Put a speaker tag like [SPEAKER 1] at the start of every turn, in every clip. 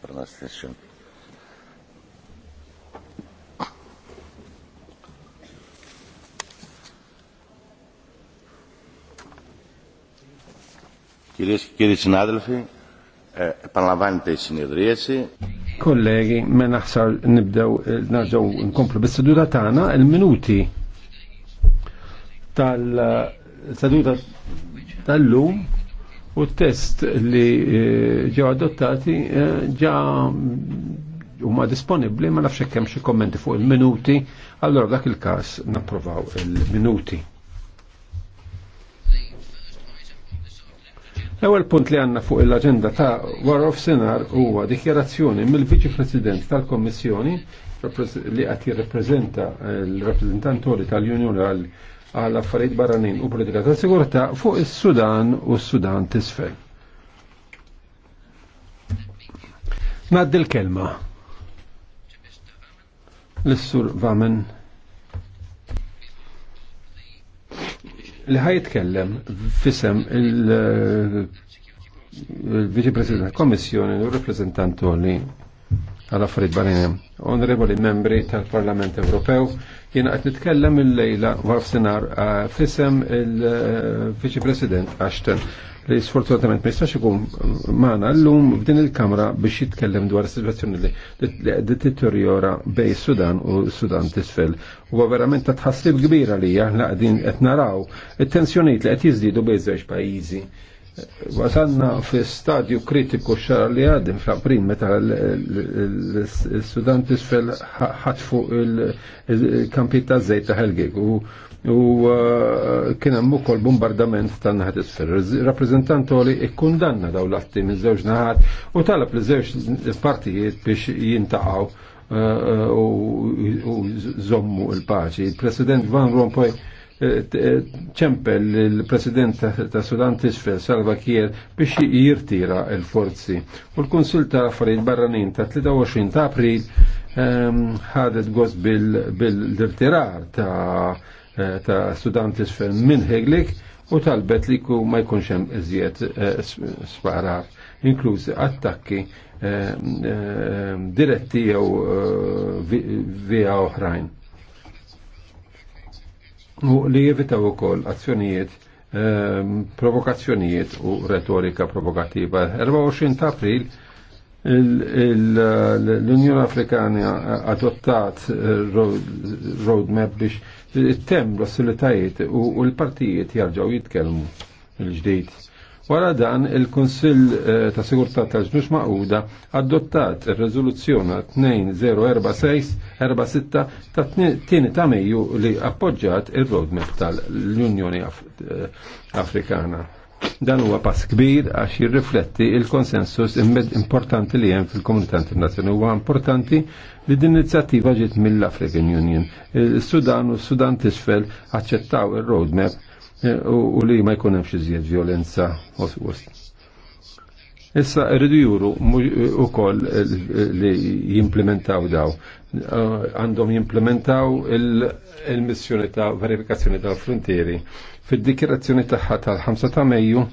[SPEAKER 1] pronunciation. Κυρίες και κύριοι συνάδελφοι, επαναλαμβάνεται η συνεδρίαση.
[SPEAKER 2] Kollegi, me naħsar nibdew e, narġaw nkomplu bis-seduta tagħna il-minuti tal-seduta tal-lum U test li eh, ġew adottati eh, ġa huma disponibbli ma nafx hekk hemm xi kommenti fuq il-minuti, allora dak il-każ napprovaw il-minuti. L-ewwel punt li għandna fuq l-aġenda ta' War of Senar huwa dikjarazzjoni mill-Viċi President tal-Kommissjoni li qed jirrappreżenta l-rappreżentantori tal-Unjoni għal għal affarijiet barranin u politika ta' sigurtà fuq is-Sudan u s-Sudan tisfel. Naddi l-kelma. L-Sur Vamen li jitkellem fisem il-Viċi President Komissjoni u rappresentantu li għal-affarijiet barranin. Onorevoli membri tal-Parlament Ewropew, jiena qed nitkellem il-lejla warfsinar eh, fisem il-Viċi President Ashton li sfortunatament ma jistax ikun magħna llum f'din il-Kamra biex jitkellem dwar is-sitwazzjoni li deteriora bej Sudan u Sudan t'isfel. Huwa verament ta' tħassib kbira li aħna qegħdin qed naraw it-tensjonijiet li qed jiżdiedu bejn żewġ pajjiżi Wasanna fi stadju kritiku xar li għadin fl-april meta l-Sudan tisfel ħatfu il-kampi ta' zejt ta' Helgik u uh, kien hemm ukoll bombardament ta' naħat isfel. Rappreżentant li ikkundanna daw l-atti minn żewġ naħat u talab li żewġ partijiet biex jintaqgħu uh, uh, u zommu l-paċi. Il-President Van Rompuy ċempel il-President ta' Sudan Tisfel Salva Kier biex jirtira il-forzi. U l-Konsul ta' Affarijiet Barranin ta' 23 ta' April ehm, ħadet gost bil-irtirar eh, ta' Sudan Tisfel minn Heglik u talbet li ku ma jkunx hemm iżjed eh, sparar, inklużi attakki eh, diretti jew via oħrajn u li jevitaw ukoll azzjonijiet ehm, provokazzjonijiet u retorika provokativa. 24 ta' april l-Unjoni Afrikana adottat eh, roadmap biex temm l-ossilitajiet u l-partijiet jarġaw jitkelmu l-ġdejt Wara dan, il-Konsil eh, ta' Sigurtà tal-Ġnux Maquda adottat il-rezoluzzjona 2046 ta' tieni ta' Mejju li appoġġat il-roadmap tal-Unjoni eh, Afrikana. Dan huwa pass kbir għax jirrifletti il-konsensus importanti li hemm fil-komunità internazzjonali huwa importanti li din inizjattiva ġiet mill-African Union. Il-Sudan u s-Sudan tisfel aċċettaw il-roadmap u li ma jkun hemm xi żjed violenza Issa rridu juru ukoll eh, li jimplementaw daw. Eh, għandhom jimplementaw il-missjoni ta' verifikazzjoni tal-frontieri. Fid-dikjerazzjoni tagħha tal-5 ta' Mejju,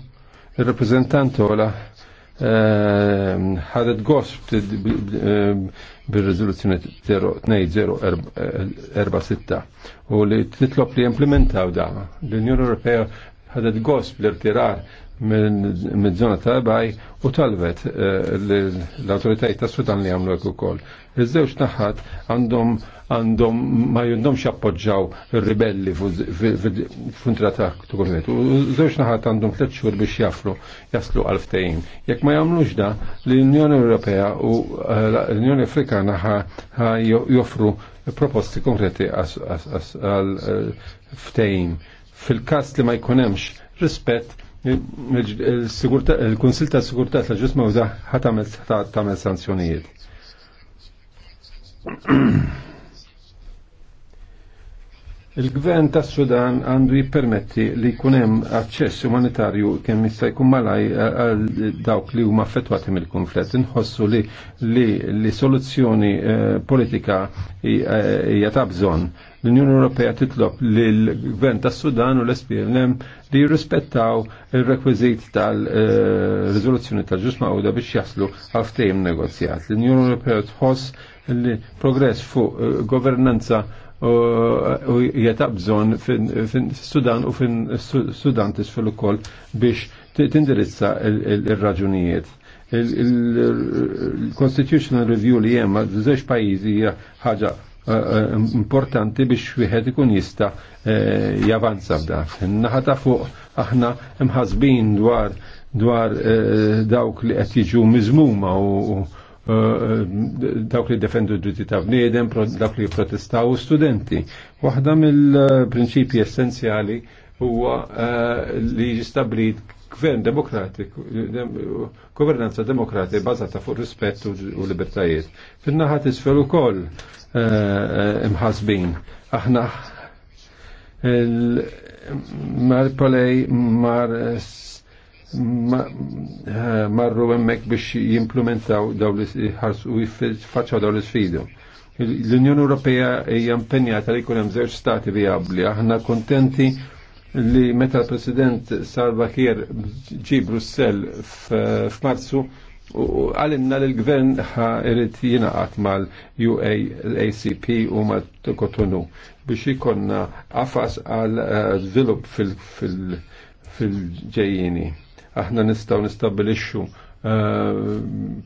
[SPEAKER 2] il-rappreżentant ola eh, ħadet gosp bil-rezoluzzjoni 2046 u li titlop li implementaw da. L-Unjoni Ewropea ħadet gosp l-irtirar minn zona ta' baj u talbet eh, l autoritajt ta' Sudan li għamlu ekku kol. Iż-żewġ naħat għandhom għandhom ma jundhomx appoġġaw ir-ribelli f'untra ta' tukulmet. U żewġ naħat għandhom tliet xhur biex jaflu jaslu għal ftehim. Jekk ma jagħmlux da, l-Unjoni Ewropea u l-Unjoni Afrikana joffru proposti konkreti għal ftehim. Fil-każ li ma jkunemx rispett il-Kunsil ta' Sigurtat l-ġisma u ħatamel sanzjonijiet. Il-gvern tas sudan għandu jippermetti li jkun hemm aċċess umanitarju kemm jista' jkun malaj eh, għal dawk li huma affettwati mill-konflett. Inħossu li li, li soluzzjoni eh, politika eh, hija ta' bżonn. L-Unjoni Ewropea titlob li l-gvern tas sudan u l-SPLM li jirrispettaw ir-rekwiżit tal-riżoluzzjoni tal-ġusma u biex jaslu għal ftehim negozjat. L-Unjoni Ewropea tħoss il-progress fuq eh, governanza u jeta bżon fin-Sudan u fin-Sudan tisfel ukoll biex tindirizza il-raġunijiet. Il-Constitutional Review li jemma żewġ pajjiżi ħaġa eh, eh, importanti biex wieħed ikun jista javanza b'dak. Naħa ta' fuq aħna mħasbin dwar dwar dawk li qed jiġu miżmuma u Eh, dawk li defendu d-dritti ta' bniedem, dawk li protestaw studenti. Waħda mill-prinċipji essenzjali huwa eh, li jistablit gvern demokratik governanza demokratika bazata fuq rispett u libertajiet. Fin-naħa tisfel ukoll eh, imħasbin. Aħna mar polej mar marru hemmhekk biex jimplementaw daw li ħarsu u jiffaċċaw daw l sfidu L-Unjoni Ewropea hija impenjata li kunem hemm żewġ stati vijabbli. Aħna kontenti li meta l-President Salva Kiir ġi Brussell f'Marzu għalimna li l-gvern irrit jinaqat mal-UACP u mal-Kotonu biex jikonna għafas għal-zvilup eh, fil-ġejjini aħna nistgħu nistabilixxu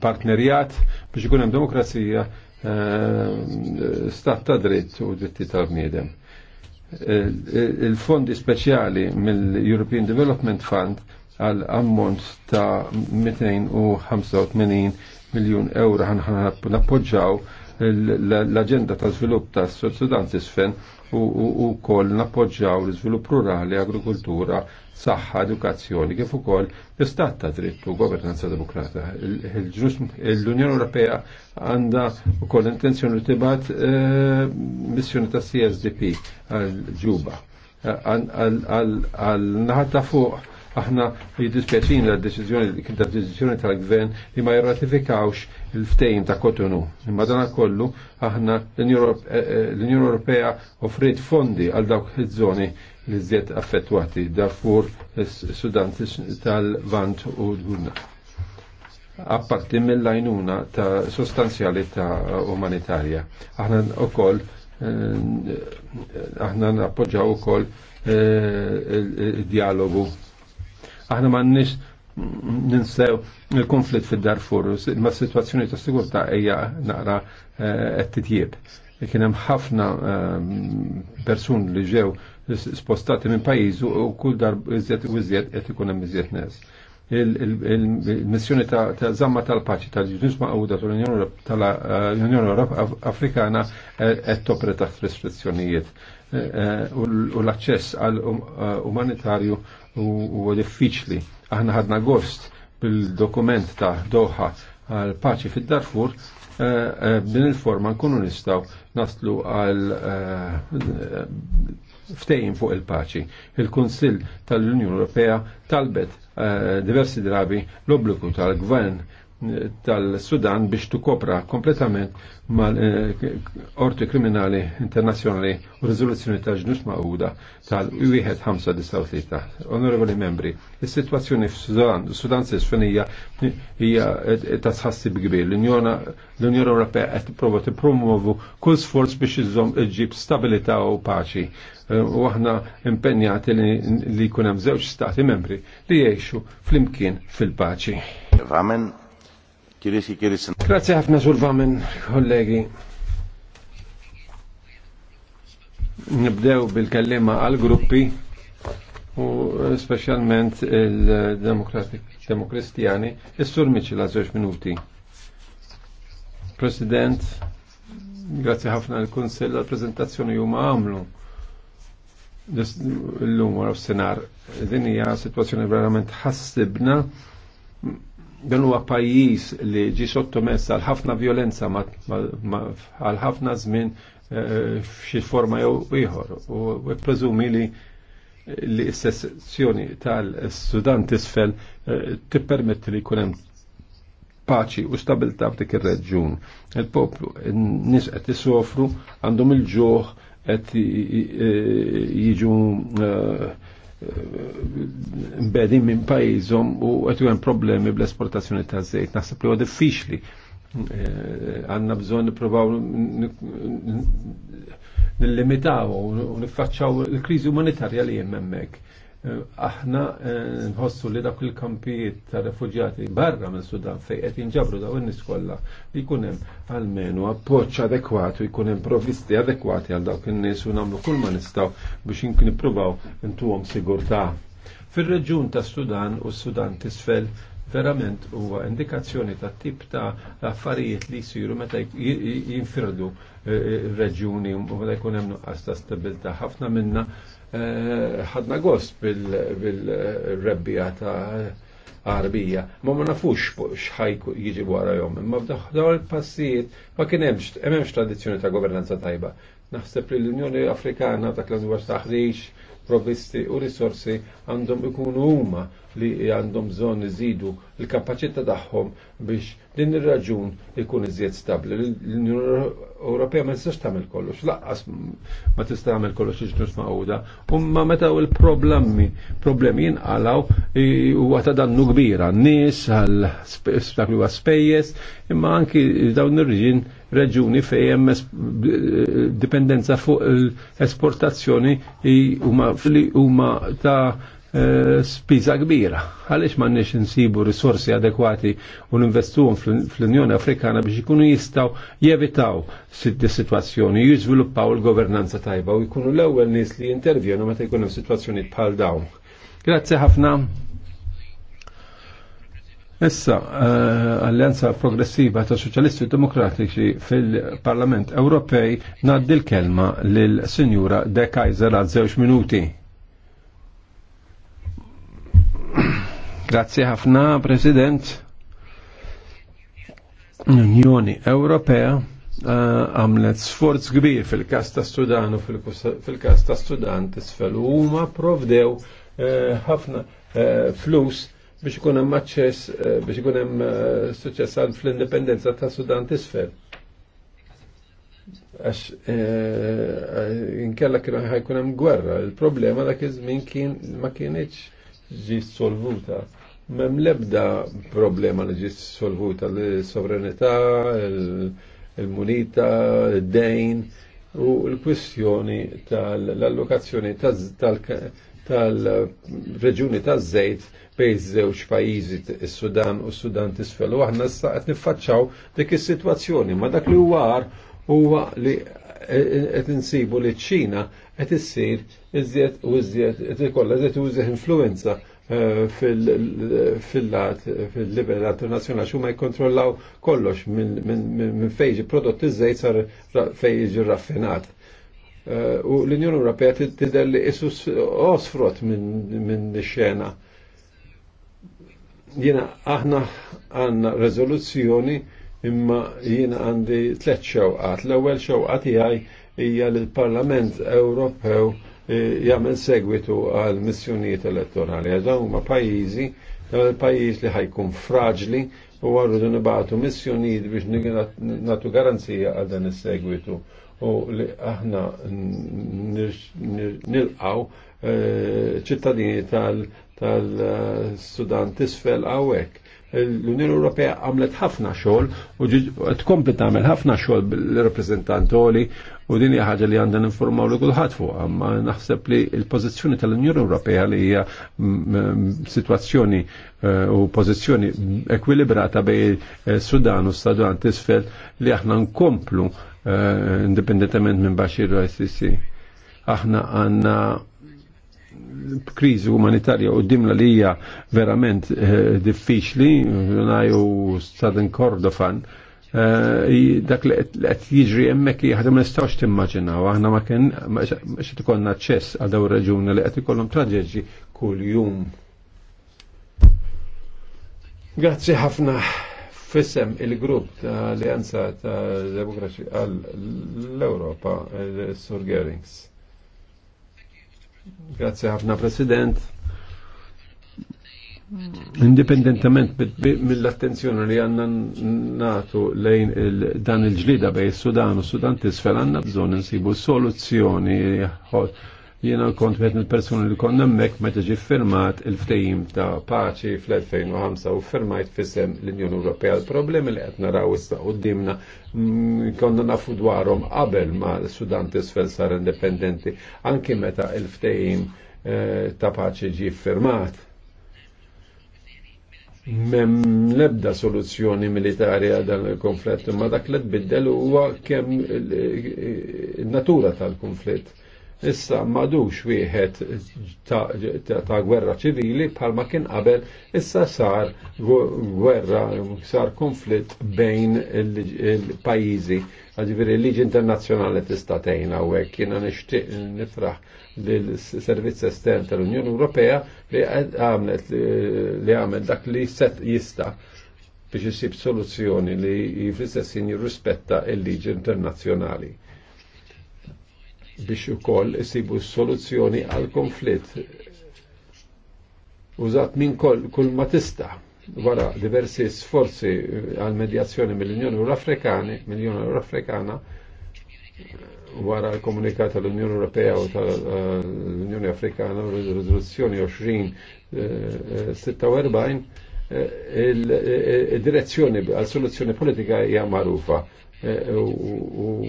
[SPEAKER 2] partnerjat biex ikun hemm demokrazija stat ta' dritt u dritti tal-bniedem. Il-fondi speċjali mill-European Development Fund għal ammont ta' 285 miljon euro ħan appoġġaw l-agenda ta' svilupp ta' Sudan tisfen u wkoll napoġġaw l-iżvilupp rurali, agrikultura, saħħa, edukazzjoni, kif ukoll l-istat ta' drittu governanza demokrata. L-Unjoni Ewropea għanda u koll intenzjoni tibat eh, missjoni ta' CSDP għal Ġuba għal naħat ta' fuq Aħna jiddispjaċin la deċiżjoni kien deċiżjoni tal-gvern li ma jirratifikawx il-ftejn ta' Kotonu. Imma dan kollu aħna eh, eh, l-Unjoni Ewropea offrit fondi għal dawk iż-żoni li żiet affettwati Darfur, Sudan tal-Vant u l-Gunna. Apparti mill-lajnuna ta' sostanzjali ta' umanitarja. Aħna ukoll eh, aħna nappoġġaw ukoll dialogu Aħna ma nix ninsew il-konflitt fid-Darfur, ma situazzjoni ta' sigurta hija naqra eh, qed titjieb. Kien hemm ħafna eh, persun li ġew spostati minn pajjiżu u kull darb iżjed u iżjed qed ikun hemm iżjed nies. Il-missjoni ta' zamma tal-paċi tal-ġnus maqgħuda tal-Unjoni Europa eh, Afrikana qed topre taħt restrizzjonijiet u l-aċċess għal um, umanitarju u diffiċli. Aħna ħadna gost bil-dokument ta' Doha għal paċi fid-Darfur eh, eh, din il-forma nkunu nistaw naslu għal eh, ftejn fuq il-paċi. Il-Kunsill tal-Unjoni Ewropea talbet diversi drabi l-obbligu tal-Gvern tal-Sudan biex tukopra kompletament mal-orti eh, kriminali internazjonali u rizoluzzjoni ta' ġnus ma'uda tal-1593. Onorevoli membri, il-situazzjoni f Sudan s hija eh, ta' sħassi kbir. L-Unjoni Ewropea qed tipprova tippromovu kull sforz biex iżżomm iġib stabilità u paċi eh, u aħna impenjati li jkun hemm żewġ stati membri li jgħixu flimkien fil-paċi. Amen. Grazie ħafna sul vamen, kollegi. Nibdew bil kallima għal-gruppi u specialment il demokristijani is sur Miċi la' zoċ minuti. President, grazie ħafna l-Kunsell għal-prezentazzjoni juma għamlu l-lum għaraf senar. Dinija situazzjoni verament ħassibna dan huwa pajjiż li ġi sottomess għal ħafna violenza għal ħafna żmien eh, eh, f'xi forma jew ieħor u ppreżumi li li s-sessjoni tal-Sudan tisfel eh, tippermetti li jkun hemm paċi u stabilità f'dik ir-reġjun. Il-poplu n-nies qed isofru għandhom il-ġoħ qed jiġu mbedin minn pajizom u għetu għem problemi bl-esportazzjoni ta' zejt. Naħseb li għu diffiċli għanna bżon niprovaw nil-limitaw u nifacċaw il-krizi umanitarja li jemmemmek aħna eh, nħossu li dak il-kampijiet ta' refugjati barra minn Sudan fej qed jinġabru daw in-nies kollha li jkun hemm almenu appoġġ adekwat u jkun hemm provvisti adekwati għal dawk in-nies u nagħmlu kull ma nistgħu biex jinkun nippruvaw intuhom sigurtà. Fir-reġjun ta' Sudan u Sudan tisfel verament huwa indikazzjoni ta' tip ta' affarijiet li jsiru meta jinfirdu r-reġjuni eh, eh, u meta jkun hemm nuqqas ta' stabilità ħafna minna Eh, ħadna gost bil-rebbija ta' arbija, ma ma nafux xħajku jiġi għara jom, ma b'daħdaw il-passijiet ma kien hemmx tradizzjoni ta' governanza tajba. Naħseb li l-Unjoni Afrikana ta' l-Università ħriġ provvisti u risorsi għandhom ikunu huma li għandhom bżonn iżidu l-kapaċità tagħhom biex din ir-raġun ikun iżjed stabbli. L-Unjoni Ewropea ma tistax tagħmel kollox, laqqas ma tista' tagħmel kollox iġnus maqgħuda. Umma meta l-problemi problemi jinqalaw huwa ta' dannu kbira, n-nies għal spejjeż, imma anki dawn ir-riġin reġuni fej hemm dipendenza fuq l-esportazzjoni li huma ta' eh, spiża kbira. Għaliex m'għandniex insibu risorsi adekwati u ninvestuhom fl-Unjoni Afrikana biex ikunu jistgħu jevitaw sit-situazzjoni, jiżviluppaw il-governanza tajba u jkunu l-ewwel nies li jintervjenu meta jkun hemm sitwazzjonijiet bħal dawn. Grazzi ħafna. Issa, eh, alleanza progressiva ta' soċjalisti demokratiċi fil-Parlament Ewropej naddi l-kelma lil-Sinjura De Kaiser għal żewġ minuti. Grazzi ħafna, President. Unjoni Ewropea eh, għamlet sforz kbir fil-kas ta' Sudan u fil-kas ta' Sudan tisfel u huma provdew eh, ħafna flus biex ikun hemm aċċess eh, biex ikun hemm eh, suċċess fl-indipendenza ta' Sudan t'isfel. Għax eh, inkella kienu ħajkun hemm gwerra, il-problema dak iż-żmien kien ma kienx ġi solvuta. Mem lebda problema li ġi solvuta l-sovranità, il-munita, il-dejn u l-kwistjoni tal-allokazzjoni tal tal-reġuni tal-żejt bejn żewġ pajjiżi is-Sudan u s-Sudan tisfel u aħna issa qed niffaċċaw dik is-sitwazzjoni ma dak li war huwa li qed insibu li ċ-Ċina qed issir iżjed u iżjed qed ikollha iżjed u iżjed influenza eh, fil-lat fil-livell internazzjonali xumma jkontrollaw kollox minn fejġi prodotti żejt sar fejġi raffinat Eh, u l-Unjoni Ewropea tidher li isus osfrot minn xena. Jiena aħna għandna rezoluzzjoni imma jiena għandi tliet xewqat. L-ewwel xewqat tiegħi hija li l-Parlament Ewropew eh, jagħmel segwitu għal missjonijiet elettorali. Dawn huma pajjiżi il pajjiż li ħajkun fraġli u għarru nibatu missjonijiet biex natu garanzija għal dan is-segwitu u li aħna nilqaw eh, ċittadini tal-Sudan tisfel għawek l-Unjoni Ewropea għamlet ħafna xogħol u tkompli tagħmel ħafna xogħol bil-rappreżentantoli u din hija ħaġa li għandha ninformaw li kulħadd fuq, Ma naħseb li l-pożizzjoni tal-Unjoni Ewropea li hija sitwazzjoni eh, u pożizzjoni ekwilibrata bejn eh, Sudan u Sudan tisfel li aħna nkomplu Eh, indipendentament minn Bashir u ICC. Aħna għanna krizi umanitarja u dimla li hija verament eh, diffiċli, naju Southern Kordofan, eh, dak li qed jiġri hemmhekk li ħadem nistgħux timmaġinaw, aħna ma kien x'qed ikollna aċċess għal dawn li qed ikollhom traġeġi kuljum. Grazzi ħafna. Fissem il-grupp ta' Alleanza ta' Demokraċi għall-Europa, Sur Gerings. Grazie ħafna, President. Indipendentement mill-attenzjoni li għanna natu lejn dan il-ġlida bej Sudan u Sudan tisfel għanna bżon nsibu soluzzjoni Jiena kont met il persuni li konna mek meta ġi firmat il-ftejim ta' paċi fl-2005 u firmajt fissem l-Unjoni Ewropea. Il-problemi li qed naraw issa dimna mm, konna nafu dwarhom qabel ma' Sudan tisfel sar indipendenti anki meta il-ftejim eh, ta' paċi ġi firmat. Mem lebda soluzzjoni militari għal il-konflitt, ma dak li tbiddel huwa kemm natura tal-konflitt issa madux wieħed ta' gwerra ċivili bħalma kien qabel issa sar gwerra, sar konflitt bejn il-pajizi. Għadviri il liġi internazjonali tista' tgħinha għek kiena nishtiq nifraħ lill-Servizz Estern tal-Unjoni Ewropea li għamlet li għamel dak li jista' biex jisib soluzzjoni li fl jirrispetta l-liġi internazzjonali biex ukoll isibu soluzzjoni għal konflitt użat minn kull ma tista' wara diversi sforzi għal medjazzjoni mill-Unjoni Ewropea mill-Unjoni Ewropea wara l-komunikat tal-Unjoni Ewropea u tal-Unjoni Afrikana u l-Riżoluzzjoni 2046 eh, eh, eh, il-direzzjoni għal soluzzjoni politika hija magħrufa Eh, u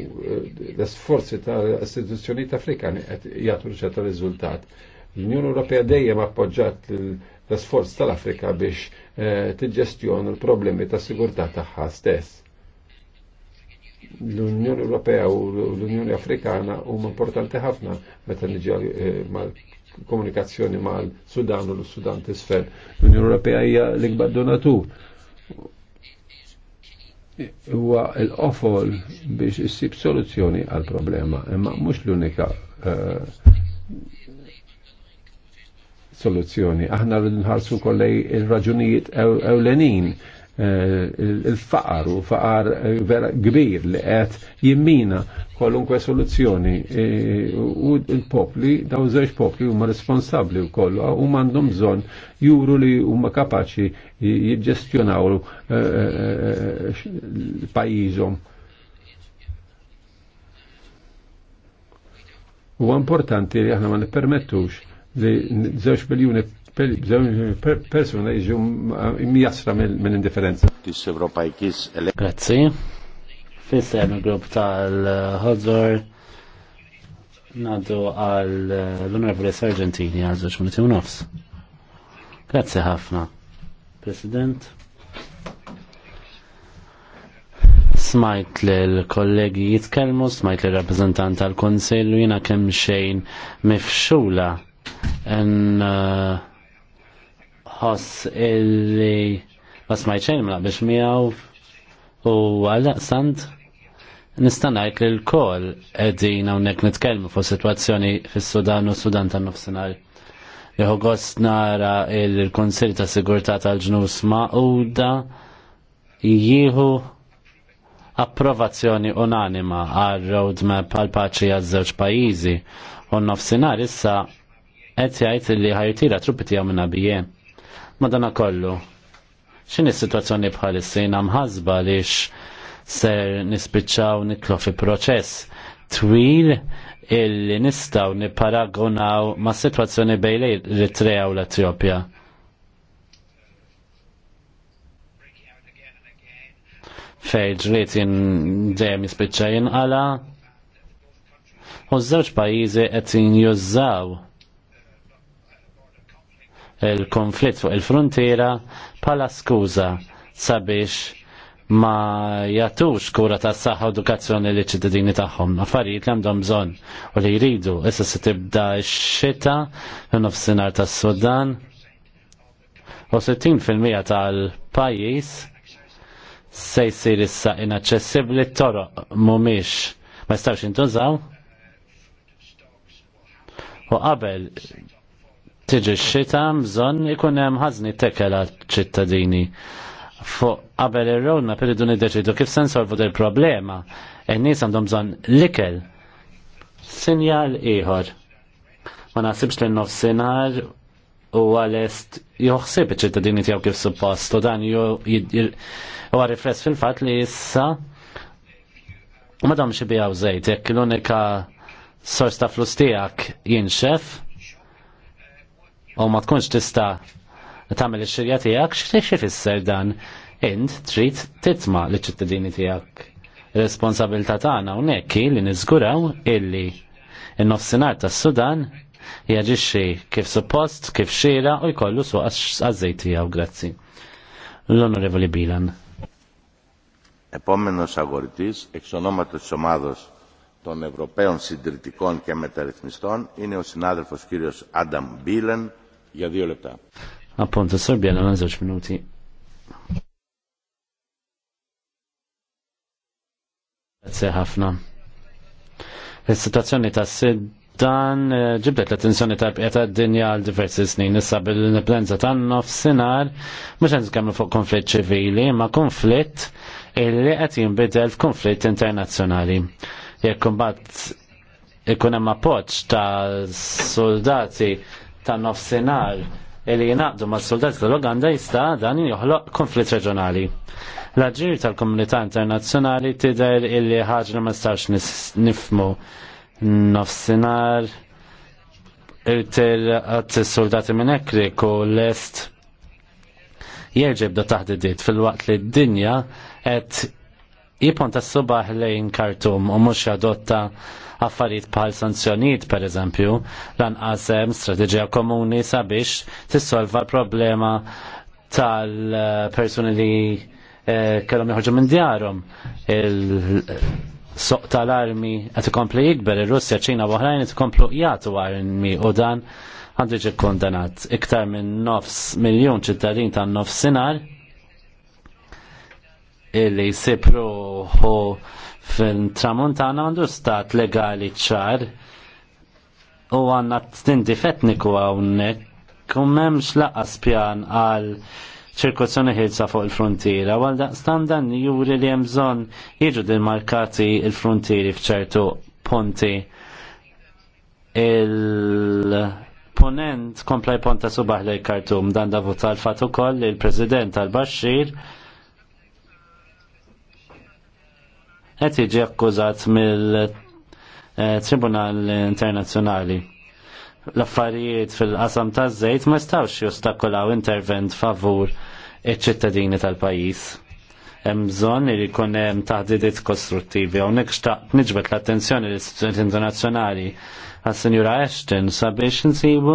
[SPEAKER 2] l-sforzi ta' istituzzjoni ta' Afrikani qed jagħtu ċerta riżultat. L-Unjoni Ewropea dejjem appoġġat l-sforz tal-Afrika biex eh, tiġġestjonu l-problemi ta' sigurtà tagħha stess l-Unjoni Ewropea u l-Unjoni Afrikana huma importanti ħafna meta niġi eh, mal komunikazzjoni mal-Sudan u l-Sudan tisfel. L-Unjoni Ewropea hija l-ikbar donatur huwa l-qofol biex issib soluzzjoni għal problema, imma mhux l-unika eh, soluzzjoni. Aħna rridu nħarsu kollej ir raġunijiet ewlenin Eh, il-faqar u faqar eh, vera gbir li għet jimmina kolunkwe soluzzjoni eh, u il-popli, daw zeċ popli u ma responsabli u kollu ah, u mandum zon juru li u ma kapaxi kapaċi l-pajizom. U importanti li għahna ma nippermettux li zeċ biljoni persuna jiġu mjasra mill-indifferenza. E
[SPEAKER 1] Grazzi. Fissem il-grupp tal eh, hodzor naddu għal eh, l-Onorevoli Sargentini għal żewġ minuti e u Grazzi ħafna, President. smajt l-kollegi jitkelmu, smajt l rappresentant tal-Konsillu jina kemm xejn mifxula. En, uh, ħoss illi ma smajċejn mla biex miegħu u għal nista' ngħid li l-kol edin hawnhekk nitkellmu fuq sitwazzjoni fis-Sudan u Sudan tan-nofsinhar. Jieħu gost nara il-Konsil ta' Sigurtà tal-Ġnus Mauda jieħu approvazzjoni unanima għal roadmap għal paċi għal żewġ pajjiżi u n-nofsinhar issa qed jgħid li ħajtira truppi tiegħu minn abijen madana kollu, xin is-situazzjoni bħalissi mħazba lix ser nispiċċaw nitlu fi proċess twil illi nistaw niparagonaw ma' situazzjoni bejn l u l-Etjopja. Fej ġriet dejjem jispiċċa jinqala u ż-żewġ pajjiżi qed jinjużaw il-konflitt fuq il-frontiera bħala skuża sabiex ma jatux kura ta' saħħa edukazzjoni li ċittadini tagħhom, affarijiet li għandhom bżonn u li jridu. Issa se tibda x-xita nofsinhar tas-Sudan u 60% tal-pajjiż se jsir issa inaċċessibbli t-toroq mhumiex ma jistgħux jintużaw. U qabel tiġi xita bżonn ikun hemm ħażni tekel għal-ċittadini. Fuq qabel ir-rowna peridu niddeċidu kif se nsolvu del problema. n nies għandhom bżonn l-ikel. Sinjal ieħor. Ma naħsibx li nofsinhar u għalest joħsib iċ-ċittadini tiegħu kif suppost u dan huwa rifress fil-fatt li issa u madam xi bijaw żejt jekk l-unika sors ta' flus tiegħek jinxef u ma tkunx tista' tagħmel ix-xirja tiegħek x'tiex ifisser dan int trid titma' li ċittadini tiegħek. Responsabilità tagħna hawnhekk li niżguraw illi n nofsinhar tas-Sudan jaġixxi kif suppost, kif xira u jkollu suq għaż-żejt tiegħu grazzi. L-Onorevoli Bilan. Επόμενο αγορητή εξ ονόματο τη ομάδος των Ευρωπαίων Συντηρητικών και Μεταρρυθμιστών, είναι ο συνάδελφο κύριος Άνταμ Μπίλεν, ja dio lebta. Appunto, sorbjena ma' żewġ minuti. Grazie ħafna. Is-sitwazzjoni ta' dan eh, ġibdet l-attenzjoni ta' d dinja għal diversi snin nissa bil-neplenza ta' nofsinhar mhux qed nitkellmu fuq konflitt ċivili, ma' konflitt illi qed jinbidel f'konflitt internazzjonali. Jekk imbagħad ikun hemm appoġġ ta' soldati ta' nofsinar li jinaqdu ma' soldati tal-Uganda jista' dan joħloq konflitt reġjonali. L-aġir tal-komunità internazzjonali tidher illi ħaġa ma sarx nifmu nofsinar irtil għat soldati minn ekri u l-est jirġib da taħdidiet fil-waqt li d-dinja et jipon ta' subaħ lejn kartum u mux jadotta affarijiet bħal sanzjonijiet pereżempju lanqas hemm strateġija komuni sabiex tissolva l-problema tal-persuni li eh, kellhom joħorġu minn djarhom il-soq tal-armi qed ikompli jikber ir-Russja, Ċina u oħrajn qed ikomplu jagħtu armi u dan għandu ġi kondanat iktar minn nofs miljon ċittadin ta' nofs sinar illi sipru Fil-tramuntana għandu stat legali ċar u għanna t-tindi fetniku għawnek u memx laqas pjan għal ċirkuzzjoni ħilsa fuq il-frontiera, għal daqstan dan juri li jemżon jiġu markati il frontiri fċertu ponti il-ponent komplaj ponta subaħ l kartum dan da votal fatu koll il-president tal-Bashir għet jiġi akkużat mill-Tribunal Internazzjonali. L-affarijiet fil-qasam taż-żejt ma stawx jostakolaw intervent favur iċ-ċittadini tal-pajjiż. Hemm bżonn li jkun hemm taħdidiet kostruttivi hawnhekk xtaq l-attenzjoni l istituzjoni internazzjonali għas-Sinjura Ashton sabiex insibu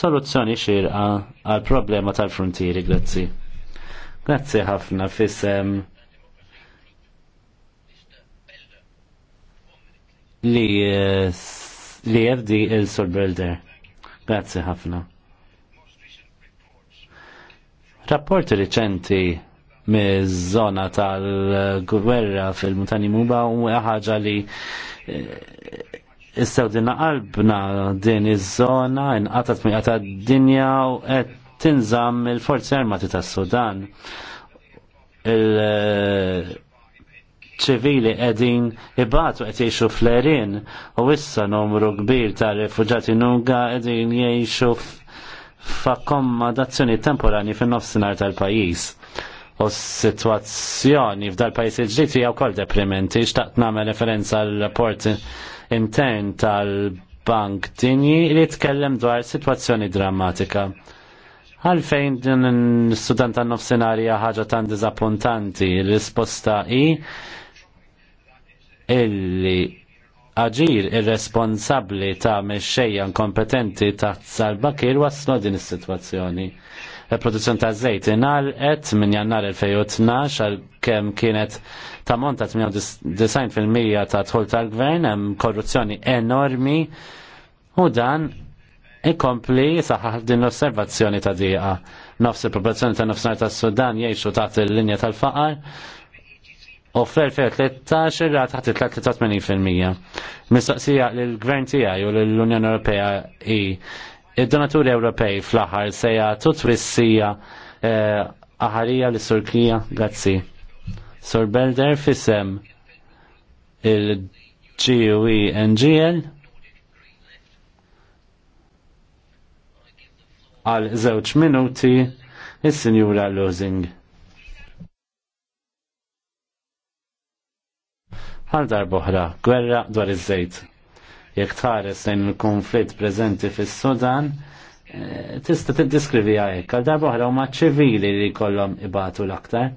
[SPEAKER 1] soluzzjoni xirqa għal problema tal-frontieri, grazzi. Grazzi ħafna fissem. Um, li eh, li jebdi il-Sol Belder. Grazzi ħafna. Rapporti riċenti miż-żona tal-gwerra fil-Mutani Muba u ħaġa li eh, istawdina qalbna din iż-żona inqatat mi qatat dinja u qed tinżamm il-forzi armati tas-Sudan. il forzi armati tas sudan ċivili qegħdin ibatu qed jgħixu flerin u issa numru kbir ta' rifugġati nuga qegħdin jgħixu f'akkomodazzjoni temporani fin-nofsinhar tal-pajjiż. U s-sitwazzjoni f'dal pajjiż il-ġdid hija wkoll deprimenti, xtaqt nagħmel referenza għal rapport intern tal-Bank Dinji li tkellem dwar sitwazzjoni drammatika għalfejn din l-student għan nofsinarja ħagġa tan dizappuntanti, risposta i illi aġir irresponsabbli ta' mexxejja inkompetenti ta' Salbakir waslu din is-sitwazzjoni. Il-produzzjoni ta' żejt inalqet minn jannar 2012 għal kem kienet ta' monta 98% ta' tħol tal-gvern hemm korruzzjoni enormi u dan ikompli saħħaħ din l-osservazzjoni ta' diqa. Nofs il-proporzjoni ta' nofsnar ta' Sudan jgħixu taħt il-linja tal-faqar u fl-2013 ir-rat ħat itla 83%. Mistoqsija lill-Gvern tiegħi u lill-Unjoni Ewropea hi id-donaturi Ewropej fl-aħħar se jagħtu twissija eh, aħarija li surkija grazzi. Sur Belder fisem il-GUE NGL għal żewġ minuti is-Sinjura Losing. għal darboħra, gwerra dwar iż-żejt. Jekk tħares lejn il-konflitt preżenti fis-Sudan, eh, tista' tiddiskrivi hekk għal darboħra huma ċivili li jkollhom ibatu l-aktar.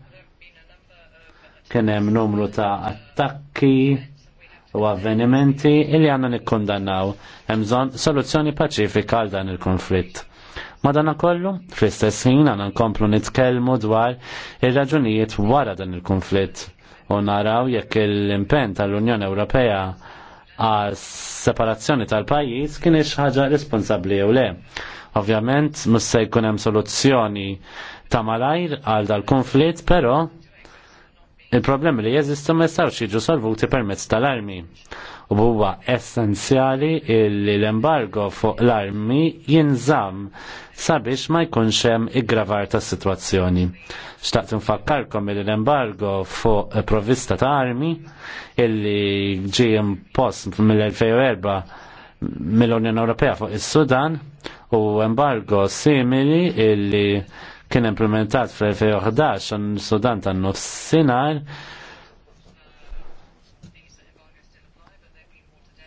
[SPEAKER 1] Kien hemm numru ta' attakki u avvenimenti li għandna nikkondannaw. Hemm bżonn soluzzjoni paċifika għal dan il-konflitt. Madanakollu, kollu, fl-istess ħin għandna nkomplu nitkellmu dwar ir-raġunijiet wara dan il-konflitt u naraw jekk l-impen tal-Unjoni Ewropea għal separazzjoni tal-pajjiż kien ħaġa responsabbli jew le. Ovvjament mhux se jkun hemm soluzzjoni ta' malajr għal dal-konflitt, però il-problemi li jeżistu ma jistgħux jiġu solvuti permezz tal-armi u huwa essenzjali li l-embargo fuq l-armi jinżamm sabiex ma jkunx hemm iggravar ta' sitwazzjoni. Xtaqt nfakkarkom li l-embargo fuq provvista ta' armi illi ġi post mill-2004 mill-Unjoni Ewropea fuq is-Sudan u embargo simili illi kien implementat fl-2011 għan Sudan tan nofsinhar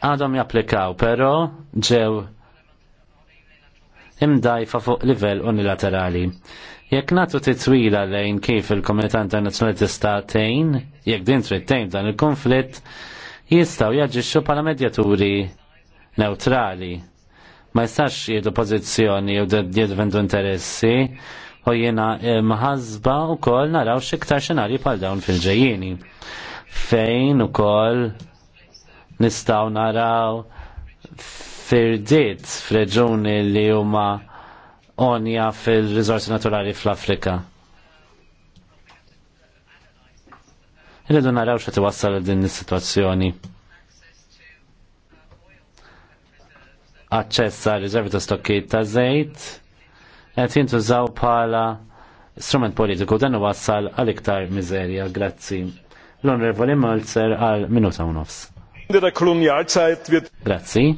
[SPEAKER 1] għadhom japplikaw, pero ġew imdajfa fuq livell unilaterali. Jekk natu titwila lejn kif il-Komunità Internazzjonali tista' tgħin, jekk din trid tgħin dan il-konflitt, jistgħu jaġixxu bħala medjaturi neutrali. Ma jistax jiedu pożizzjoni jew jidvendu interessi u jiena eh, mħazba wkoll naraw x'iktar xenarji bħal dawn fil ġejjini Fejn ukoll nistaw naraw firdiet f'reġuni li huma onja fil-rizorsi naturali fl-Afrika. Irridu naraw xa tiwassal din is-sitwazzjoni. Aċċess għal riservi ta' stokkijiet ta' żejt qed jintużaw bħala strument politiku dan wassal għal iktar miżerja. Grazzi. L-Onorevoli Mölzer għal minuta u nofs.
[SPEAKER 2] Grazzi.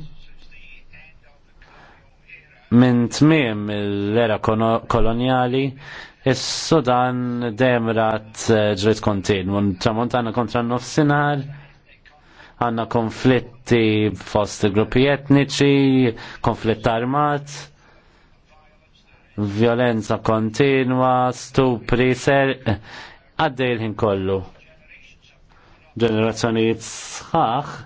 [SPEAKER 1] Minn tmiem l-era koloniali, is-Sudan demrat eh, ġrit tramont għanna kontra n-nofsinar, għanna konflitti fost gruppi etniċi, konflitt armat, violenza kontinwa, stupri, ser, għaddej l ħin kollu ġenerazzjonijiet sħaħ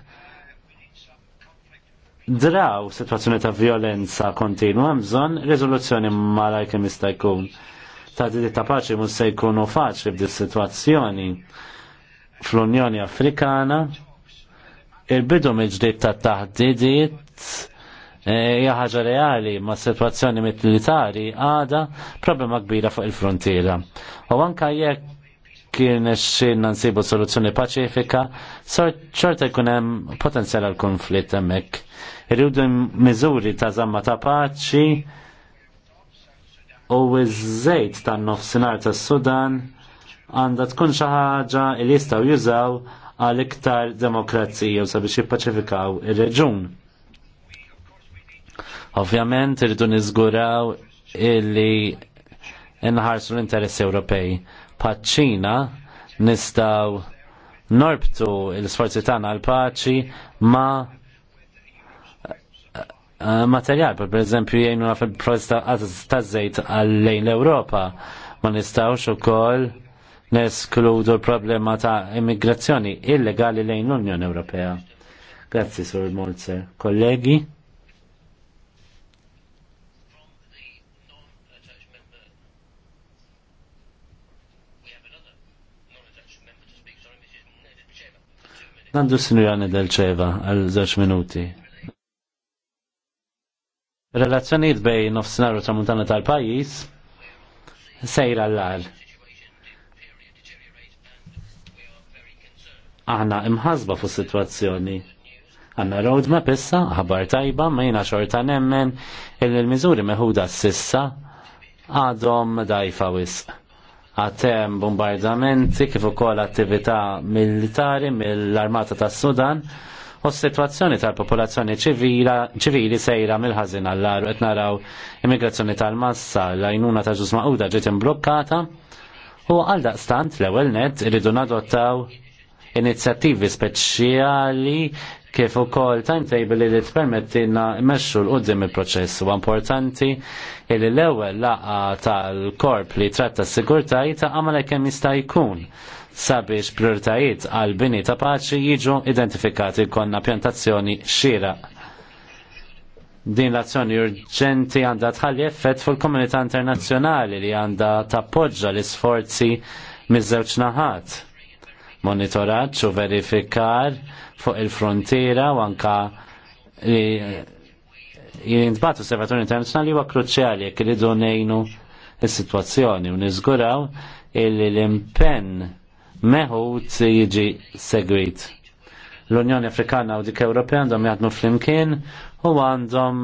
[SPEAKER 1] draw situazzjoni ta' violenza kontinua, bżon rezoluzzjoni malaj kemm jista' jkun. Ta' di ta' paċi mhux se jkunu faċli b'di situazzjoni fl-Unjoni Afrikana il-bidu mill-ġdid ta' taħdidiet e, hija ħaġa reali ma' situazzjoni militari għada problema kbira fuq il-frontiera. U anka jekk kien xin nsibu soluzzjoni paċifika, ċorta jkun hemm potenzjal għal konflitt hemmhekk. Irridu miżuri ta' żamma ta' paċi u żejt tan-nofsinhar tas-Sudan għandha tkun xi ħaġa li jistgħu jużaw għal iktar demokrazija u sabiex jippaċifikaw ir-reġun. Ovvjament irridu niżguraw illi inħarsu l-interessi Ewropej paċċina nistaw norbtu l-sforzi tagħna għal paċi ma' eh, eh, materjal, per eżempju jgħinu naf il-prezz żejt għal-lejn l-Ewropa. Ma nistawx ukoll neskludu l-problema ta' immigrazzjoni illegali lejn l-Unjoni Ewropea. Grazzi, Sur Molzer. Kollegi? Nandu sinjani del-ċeva għal żewġ minuti. Relazzjoniet bej nofsinhar u tramuntana tal-pajjiż sejra l-għal. Aħna imħazba fuq situazzjoni għanna roadmap issa, ħabar tajba, ma jina xorta nemmen, il-mizuri meħuda s-sissa, għadhom dajfa wisq għatem bombardamenti kif ukoll attività militari mill-Armata tas Sudan u s-situazzjoni tal-popolazzjoni ċivili sejra mill ħazin għall-għar qed naraw immigrazzjoni tal-massa l-għajnuna ta' ġus maquda ġiet imblukkata u għal daqstant l-ewwel net irridu nadottaw inizjattivi speċjali kif ukoll timetable li tpermettilna mmexxu l qudiem il-proċess huwa importanti li l-ewwel laqgħa tal-korp li tratta s-sigurtà jitaqgħamel kemm jista' jkun sabiex prioritajiet għal bini ta' paċi jiġu identifikati konna pjantazzjoni xira. Din l-azzjoni urġenti għandha tħalli effett fuq il-komunità internazzjonali li għandha tappoġġa l-isforzi miż-żewġ naħat. Monitoraġġ u verifikar fuq il-frontiera u anka li jintbat osservatori internazjonali huwa kruċjali jekk iridu ngħinu s sitwazzjoni u niżguraw illi l-impenn meħud jiġi segwit. L-Unjoni Afrikana u dik Ewropea għandhom jaħdmu flimkien u għandhom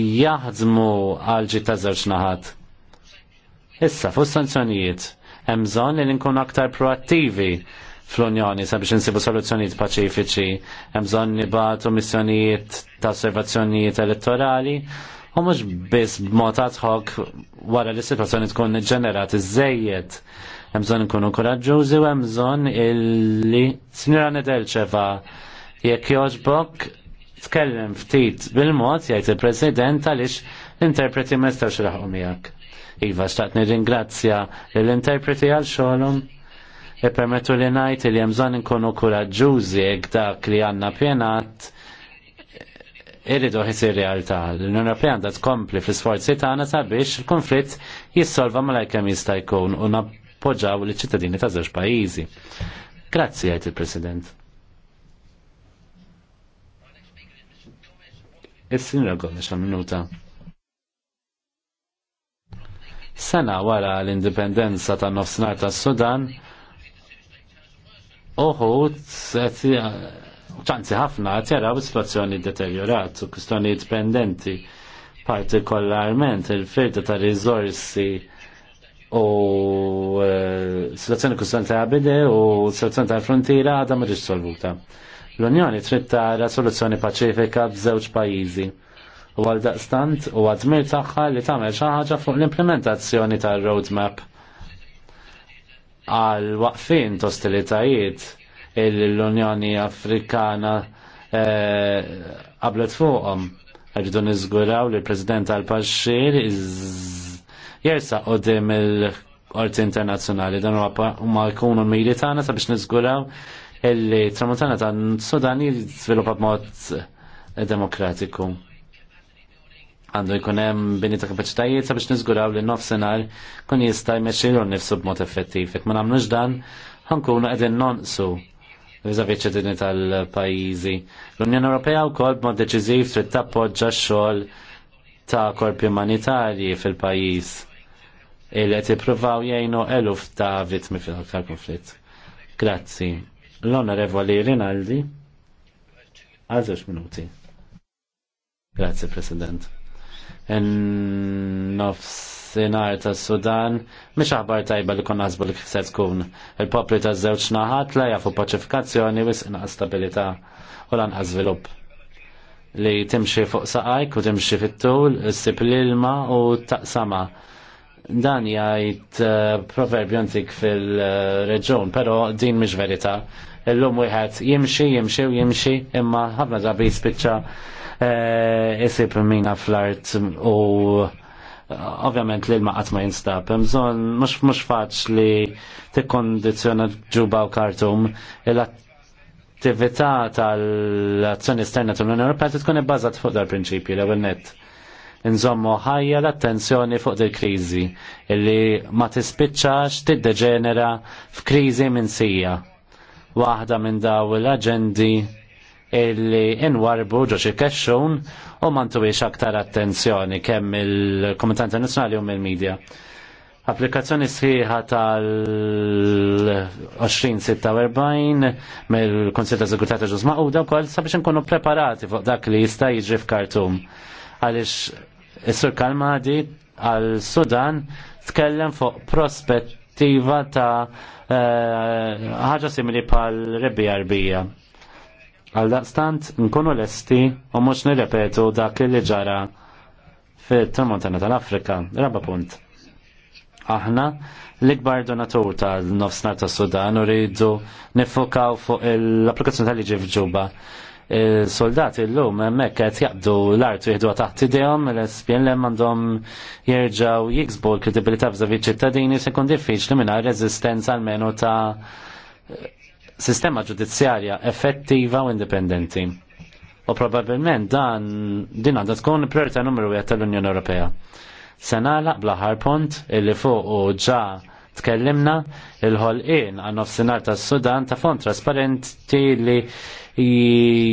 [SPEAKER 1] jaħdmu għal ġi ta' żewġ naħat. Issa, fuq sanzjonijiet, hemm bżonn li nkunu aktar proattivi fl-Unjoni sabiex insibu soluzzjonijiet paċifiċi. Hemm bżonn nibatu missjonijiet ta' osservazzjonijiet elettorali u mhux biss b'mod ad hoc wara li s-sitwazzjoni tkun ġenerat iżejjed. Hemm bżonn nkunu kuraġġużi u hemm bżonn illi Sinjora Nedelċeva jekk jogħġbok tkellem ftit bil-mod jgħid il-President għaliex l-interpreti ma jistgħux raħqu miegħek. Iva, xtaqt nirringrazzja l-interpreti għal xogħolhom Permettu li najt li jemżon nkunu kuraġġużi jek dak li għanna pjenat irridu ħis realtà L-Unjoni Ewropea għandha tkompli fl-isforzi tagħna sabiex il-konflitt jissolva malajkemm jista' jkun u nappoġġaw liċ-ċittadini ta' żewġ pajjiżi. Grazzi għajt il-President. Is-sinra Gomes minuta. Sena wara l-indipendenza ta' nofsinhar tas-Sudan, Oħu, ċanzi ħafna jaraw situazzjoni deteriorat u kustjoni dipendenti partikolarment il-firda ta' rizorsi u eh, situazzjoni kustjoni ta' abide u situazzjoni ta' frontira għadha ma risolvuta. L-Unjoni trid tara soluzzjoni paċifika b'żewġ pajjiżi u għal daqstant u għadmir tagħha li tagħmel xi ħaġa fuq l-implementazzjoni tar-roadmap għal waqfin tostilitajiet l-Unjoni Afrikana eh, qablet fuqhom. Rridu niżguraw li l-President għal-Paxxir jersa qudiem il-Qorti Internazzjonali dan huma jkunu mili tagħna sabiex niżguraw illi tramuntana ta' Sudan jiżviluppa b'mod eh, demokratiku għandu jkun hemm bini ta' kapaċitajiet sabiex niżguraw li nofsinhar kun jista' nifsu b b'mod effettiv. Jekk ma nagħmlux dan, ħankunu qegħdin nonqsu viżavi ċittadini tal-pajjiżi. L-Unjoni Ewropea wkoll mod deċiżiv trid tappoġġa x-xogħol ta' korpi umanitarji fil-pajjiż il qed jippruvaw jgħinu eluf ta' vittmi tal-konflitt. Grazzi. L-Onorevoli Rinaldi, Għazux minuti. Grazie, President nofsinar ta' Sudan, mhix aħbar tajba li kon għazbu li kħiset tkun. Il-popli ta' zewċ naħat la jafu paċifikazzjoni u jisqna stabilita u lanqas żvilupp. Li timxi fuq saqajk u timxi fit-tul, issib l-ilma u taqsama. Dan jgħid eh, proverbju antik fil-reġun, eh, pero din mhix verita l-lum wieħed jimxi, jimxi u jimxi, imma ħafna drabi spiċċa jisib eh, minna fl-art u eh, ovvjament li l-maqat ma jinstab. Mżon, mux mux faċ li tikkondizjona ġuba u kartum l-attività tal-azzjoni esterna tal-Unjoni Ewropea tkun ibbażat fuq dal-prinċipju l-ewwel nett nżommu ħajja l-attenzjoni fuq il kriżi illi ma tispiċċax tiddeġenera f'kriżi minn sija waħda minn daw l-aġendi illi inwarbu ġo xi u u biex aktar attenzjoni kemm il-Komitat Internazzjonali u mill-Media. Applikazzjoni sħiħa tal-2046 mill-Konsil ta' Sigurtà ta' Ġus Maquda wkoll sabiex inkunu preparati fuq dak li jista' jiġri f'Kartum. Għaliex is-Sur Kalmadi għal-Sudan tkellem fuq prospett direttiva ta' eh, ħaġa simili pal rebbi arbija. Għal daqstant nkunu l-esti u mhux nirrepetu dak li ġara fit-tramontana tal-Afrika. Raba punt. Aħna l-ikbar donatur tal-nofsnar tas Sudan u rridu nifokaw fuq l-applikazzjoni tal-liġi f'Ġuba soldati l-lum emmek qed jaqdu l-art jihdu taħt dijom, l-espjen l għandhom jerġgħu jiksbu l-kredibilità b'żavi ċittadini se jkun diffiċli mingħajr reżistenza almenu ta' sistema ġudizzjarja effettiva u indipendenti. U probabbilment dan din għandha tkun priorità numru wieħed tal-Unjoni Ewropea. Se nagħlaq bla pont illi fuq u ġa tkellimna il-ħolqien għan nofsinhar tas-Sudan ta' fond trasparenti li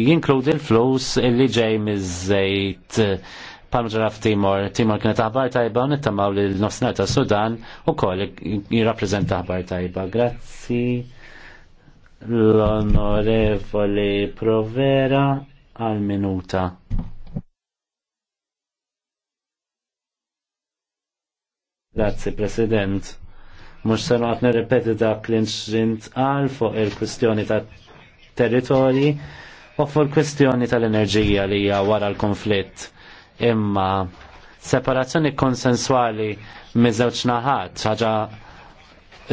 [SPEAKER 1] jinkludi l-flus illi ġej miż-żejt palma Timor, Timor kienet aħbar tajba u nittamaw li l-nofsinar ta' Sudan u koll jirrapprezenta aħbar tajba. Grazzi l-onorevoli Provera għal-minuta. Grazzi, President. Mux sanu għat nirrepeti dak l nxint għal fuq il-kwistjoni ta' territorji u fuq kwestjoni tal-enerġija li hija wara l-konflitt imma separazzjoni konsensuali miż-żewġ naħat ħaġa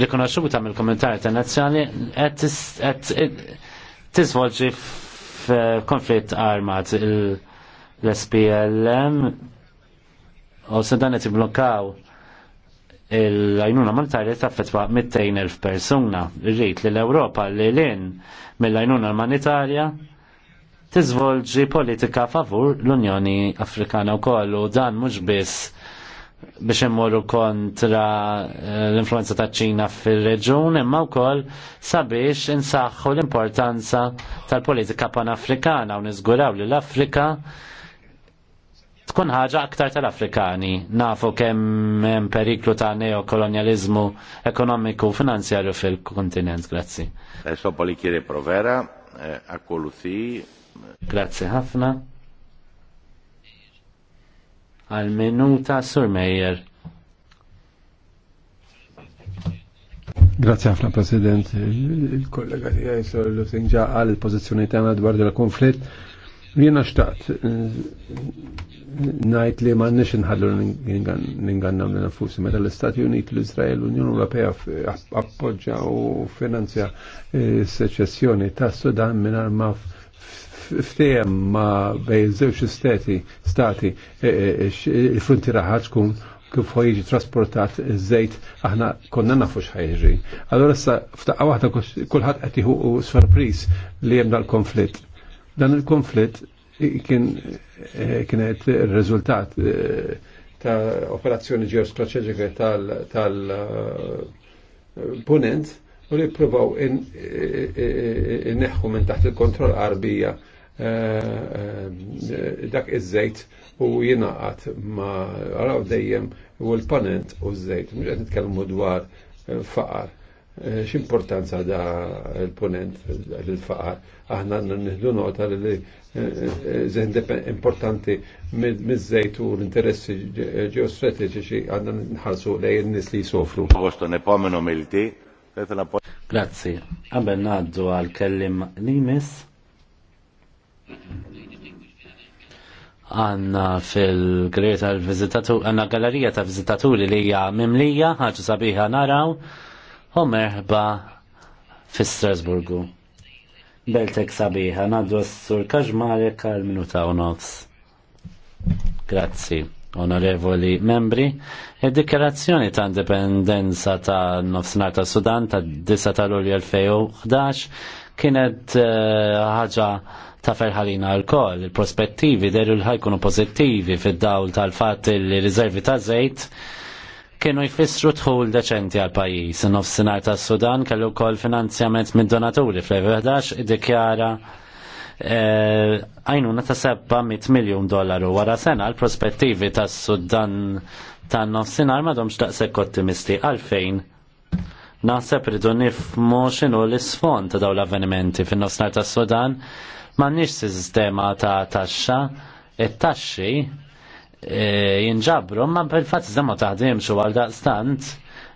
[SPEAKER 1] rikonoxxuta mill komunità internazzjonali qed tiżvolġi f'konflitt armat l-SPLM u se dan qed iblokkaw l għajnuna monetarja taffetwa 200.000 persuna. Rrit li l-Europa li l-in mill-għajnuna monetarja tiżvolġi politika favur l-Unjoni Afrikana u kollu dan mhux biss biex immorru kontra eh, l-influenza ta' ċina fil-reġun imma wkoll sabiex insaħħu l-importanza tal-politika panafrikana u niżguraw li l-Afrika tkun ħaġa aktar tal-Afrikani. Nafu kemm hemm periklu ta' neokolonializmu ekonomiku u finanzjarju fil-kontinent. Grazzi. Adesso Polichiere Provera, eh, akkoluzi. Grazzi ħafna. al minuta Sur Meyer.
[SPEAKER 2] Grazie ħafna President. Il-kollega tiegħi Sir Lusing ġa għal il-pożizzjoni tagħna dwar il-konflitt. Jiena xtaqt najt li ma nix nħallu ninganna minn nafusi. meta l-Istati Uniti, l-Izrael, l-Unjoni Ewropea appoġġa u finanzja eh, seċessjoni ta' Sudan minn arma ftejem ma bej żewġ stati stati eh, eh, il-frontiera ħad tkun kif ħajġi trasportat iż-żejt aħna konna nafu x'ħajġi. Allora sa ftaqa waħda kulħadd qed jieħu sorpriż li hemm dal-konflitt. Dan il-konflitt kien eh, kienet il-rezultat eh, ta' operazzjoni ġeostrateġika tal-punent eh, u li provaw neħħu minn taħt il-kontroll qarbija dak iż-żejt u jinaqat ma' għaraw dejjem u l ponent u z żejt Mġed nitkellmu dwar faqar Eh, x'importanza da l-ponent l-faqar. Aħna nħidu nota li importanti miż l-interessi ġeostrateġiċi għanna
[SPEAKER 1] nħarsu lejn n-nies li jisofru. nepomenu milti. Grazzi. Għabben naddu għal kellim limis għanna fil għalerija ta' vizitaturi li hija mimlija, ħaġa sabiħa naraw, Homer ba fi Strasburgu. Beltek sabiħa, naddu s-sur kaġmare għal minuta u nofs. Grazzi, onorevoli membri. E dikarazzjoni ta' indipendenza ta' nofsinar ta' Sudan ta' 10 ta' lulju 2011 kienet eh, ħaġa ta' ferħalina l-koll. Il-prospettivi deru l-ħajkunu pozittivi fid-dawl tal-fat il-rizervi ta' zejt kienu jfissru tħul deċenti għal pajis. Nofsinar ta' Sudan kellu kol finanzjament minn donaturi fl-2011 dikjara eh, għajnuna ta' 700 miljon dollaru wara sena għal prospettivi ta' Sudan ta' nofsinar m'għadhomx daqsek ottimisti għalfejn. Naħseb ridu nifmu xinu l-sfond ta' daw l-avvenimenti fin-nofsinar ta' Sudan ma' nix sistema ta' taxxa, it-taxxi E, jinġabru, ma bil fat iżda ma taħdimx u għal daqstant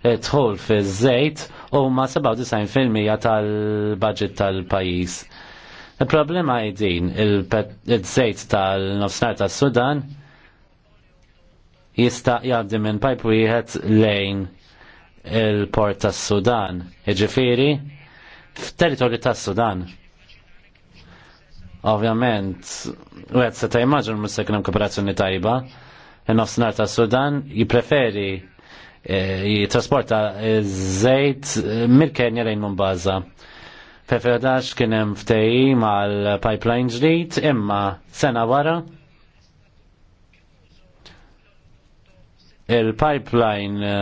[SPEAKER 1] e, tħol fi żejt u ma 97% tal-budget tal-pajis. Il-problema din il-żejt tal-nofsnar tas-Sudan jista' jaddi minn pajp wieħed lejn il-port tas-Sudan. Jiġifieri, f'territorju tas-Sudan Ovvjament, u għed seta immaġun mus hemm kooperazzjoni tajba, il-nofsinar ta' Sudan jipreferi eh, jitrasporta eh, zejt eh, mil kenja lejn Mumbaza. Preferdax kienem kien hemm ftehim mal pipeline ġdid imma sena wara il-pipeline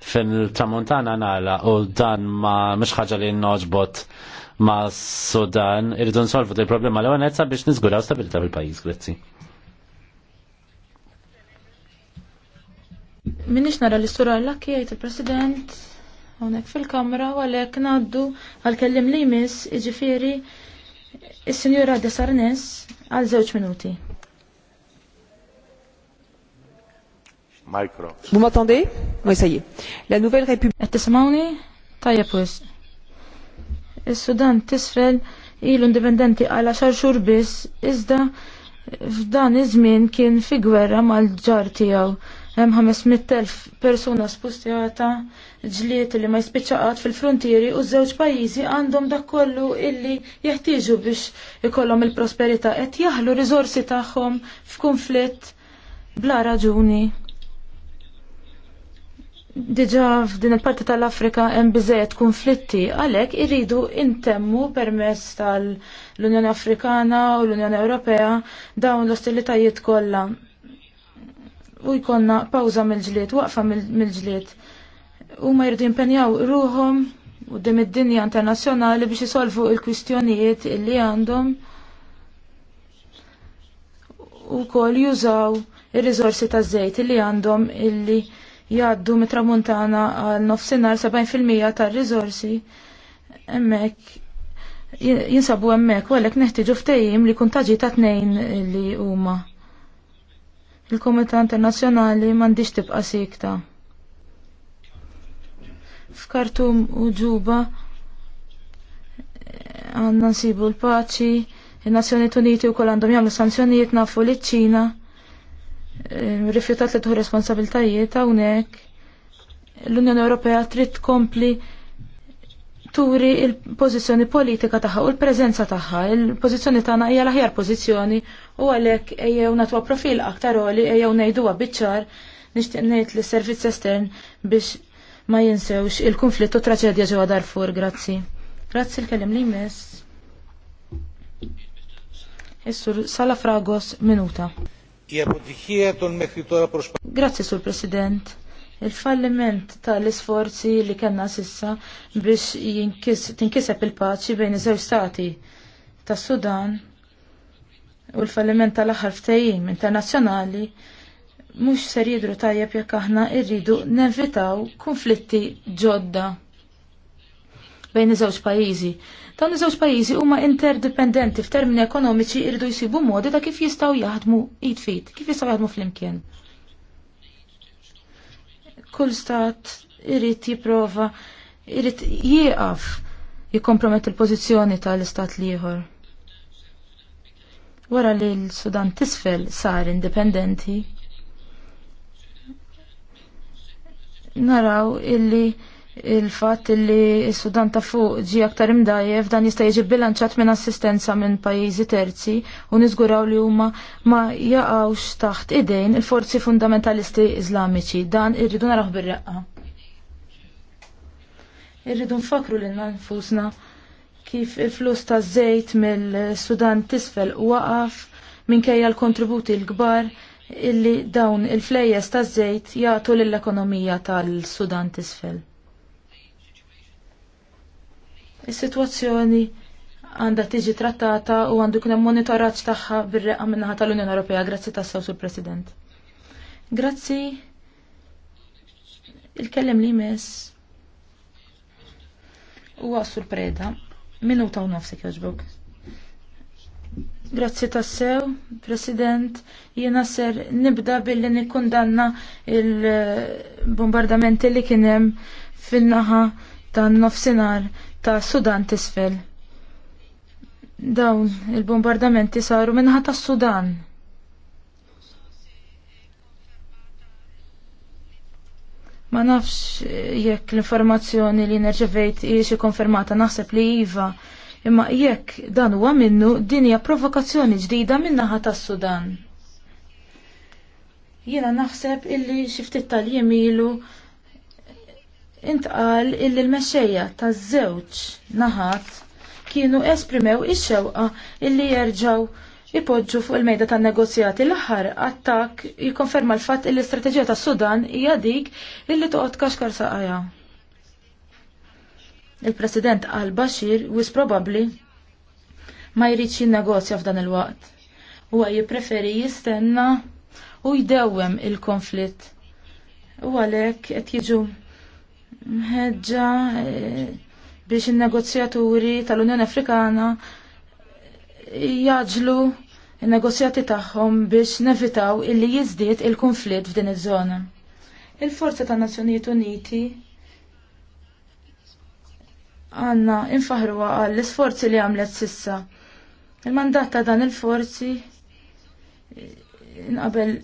[SPEAKER 1] fil-tramontana nala u dan ma mxħħġa ħaġa li noġbot ma' Sudan irridu nsolvu il problema l-għonetza biex nizguraw stabilita fil-pajis, grazzi.
[SPEAKER 3] Minix nara l-istura l-lakki għajt il-President għonek fil-kamra għalek naddu għal-kellim li jmiss iġifiri il-Sinjura de Sarnes għal żewġ minuti. Mikro. Mumma tondi? Oui, ça La Nouvelle République. Għattisamawni? Tajja que Is-Sudan tisfel ilu indipendenti għala xar xhur biss iżda f'dan iż-żmien kien fi gwerra mal-ġar tiegħu. Hemm 500,000 persuna spustjata, ġliet li ma jispiċċaqat fil-frontieri u żewġ pajjiżi għandhom dak kollu illi jeħtieġu biex ikollhom il-prosperità qed jaħlu riżorsi tagħhom f'kunflitt bla raġuni Diġa f'din il-parti tal-Afrika hemm biżejjed konflitti, għalhekk irridu intemmu permezz tal-Unjoni Afrikana u l-Unjoni Ewropea dawn l-ostilitajiet kollha. U jkollna pawża mill-ġlied, waqfa mill-ġlied. Huma jridu jimpenjaw ruhom u dim id-dinja internazzjonali biex isolvu il-kwistjonijiet li għandhom u kol jużaw ir-riżorsi taż-żejt li għandhom illi Jaddu mit-tramuntana għal nofsinhar 70% tar rizorsi hemmhekk jinsabu hemmhekk u għalhekk neħtieġu ftejim li kun taġi ta' tnejn li huma. Il-Komunità Internazzjonali m'għandix tibqa' sikta. F'Kartum u Ġuba għandna nsibu l-paċi, in-Nazzjonijiet Uniti wkoll għandhom jagħmlu sanzjonijiet nafu liċ-Ċina Eh, rifjutat li tuħu responsabiltajiet hawnhekk l-Unjoni Ewropea trid tkompli turi il-pożizzjoni politika tagħha u l prezenza tagħha. Il-pożizzjoni tagħna hija l-aħjar pożizzjoni u għalhekk ejjew natwa profil aktar oli ejjew ngħiduha biċ-ċar nixtieq ngħid li servizz estern biex ma jinsewx il-konflitt u traċedja ġewwa Darfur, grazzi. Grazzi l-kellim li jmiss. Issur, Sala Fragos, minuta. Grazzi Sur President. Il-falliment tal-isforzi li kellna sissa biex tinkiseb il-paċi bejn iż-żewġ stati tas Sudan u l-falliment tal-aħħar ftehim internazzjonali mhux ser jidru tajjeb jekk aħna rridu nevitaw konflitti ġodda bejn iż-żewġ pajjiżi. Dawn iż-żewġ pajjiżi huma interdipendenti f'termini ekonomiċi jridu jsibu modi ta' kif jistgħu jaħdmu id fit, kif jistgħu jaħdmu flimkien. Kull stat irid jipprova, irid jieqaf jikkompromet il-pożizzjoni tal-istat ieħor. Wara li l-Sudan tisfel sar indipendenti, naraw illi il-fat li s-Sudan ta' fuq ġi aktar imdajjef dan jista' jiġi bilanċat minn assistenza minn pajjiżi terzi u niżguraw li huma ma jaqgħux taħt idejn il-forzi fundamentalisti iżlamiċi. Dan irridu naraħ bir-reqqa. Irridu nfakru lil nfusna kif il-flus ta' żejt mill-Sudan tisfel waqaf minkejja l-kontributi l-kbar illi dawn il-flejjes ta' żejt jagħtu lill-ekonomija tal-Sudan tisfel. Is-sitwazzjoni għandha tiġi trattata u għandu kien hemm monitoraġġ tagħha bir-reqqa minnaħa tal-Unjoni Ewropea. Grazzi tas-sew sur President. Grazzi. Il-kellem li mess. U għassur preda. Minuta u nofsek joġbok. Grazzi tassew, President. Jena ser nibda billi nikkundanna il-bombardamenti li kienem fin-naħa tan nofsinar ta' Sudan tisfel. Dawn il-bombardamenti saru minnaħa ta' Sudan. Ma nafx jekk l-informazzjoni li nerġevejt hiex konfermata naħseb li iva, imma jekk dan huwa minnu din hija provokazzjoni ġdida minnaħa tas-Sudan. Jiena naħseb illi xi ftit tal-jemilu ilu intqal illi l-mexxejja taż-żewġ naħat kienu esprimew ix-xewqa illi jerġgħu ipoġġu fuq il-mejda tan-negozjati l-aħħar attak jikkonferma l-fatt illi l-istrateġija tas-Sudan hija dik illi toqgħod kaxkar saqajja. Il-President qal Bashir wis probabbli ma jridx jinnegozja f'dan il-waqt. Huwa jippreferi jistenna u jdewwem il-konflitt. U għalhekk qed jiġu mħeġġa eh, biex il-negozjaturi tal-Unjoni Afrikana jaġlu il-negozjati tagħhom biex nevitaw illi jiżdied il-konflitt f'din iż-żona. Il-Forza ta' Nazzjonijiet Uniti għanna infaħruha għall isforzi li għamlet sissa. Il-mandat ta' dan il-forzi eh, inqabel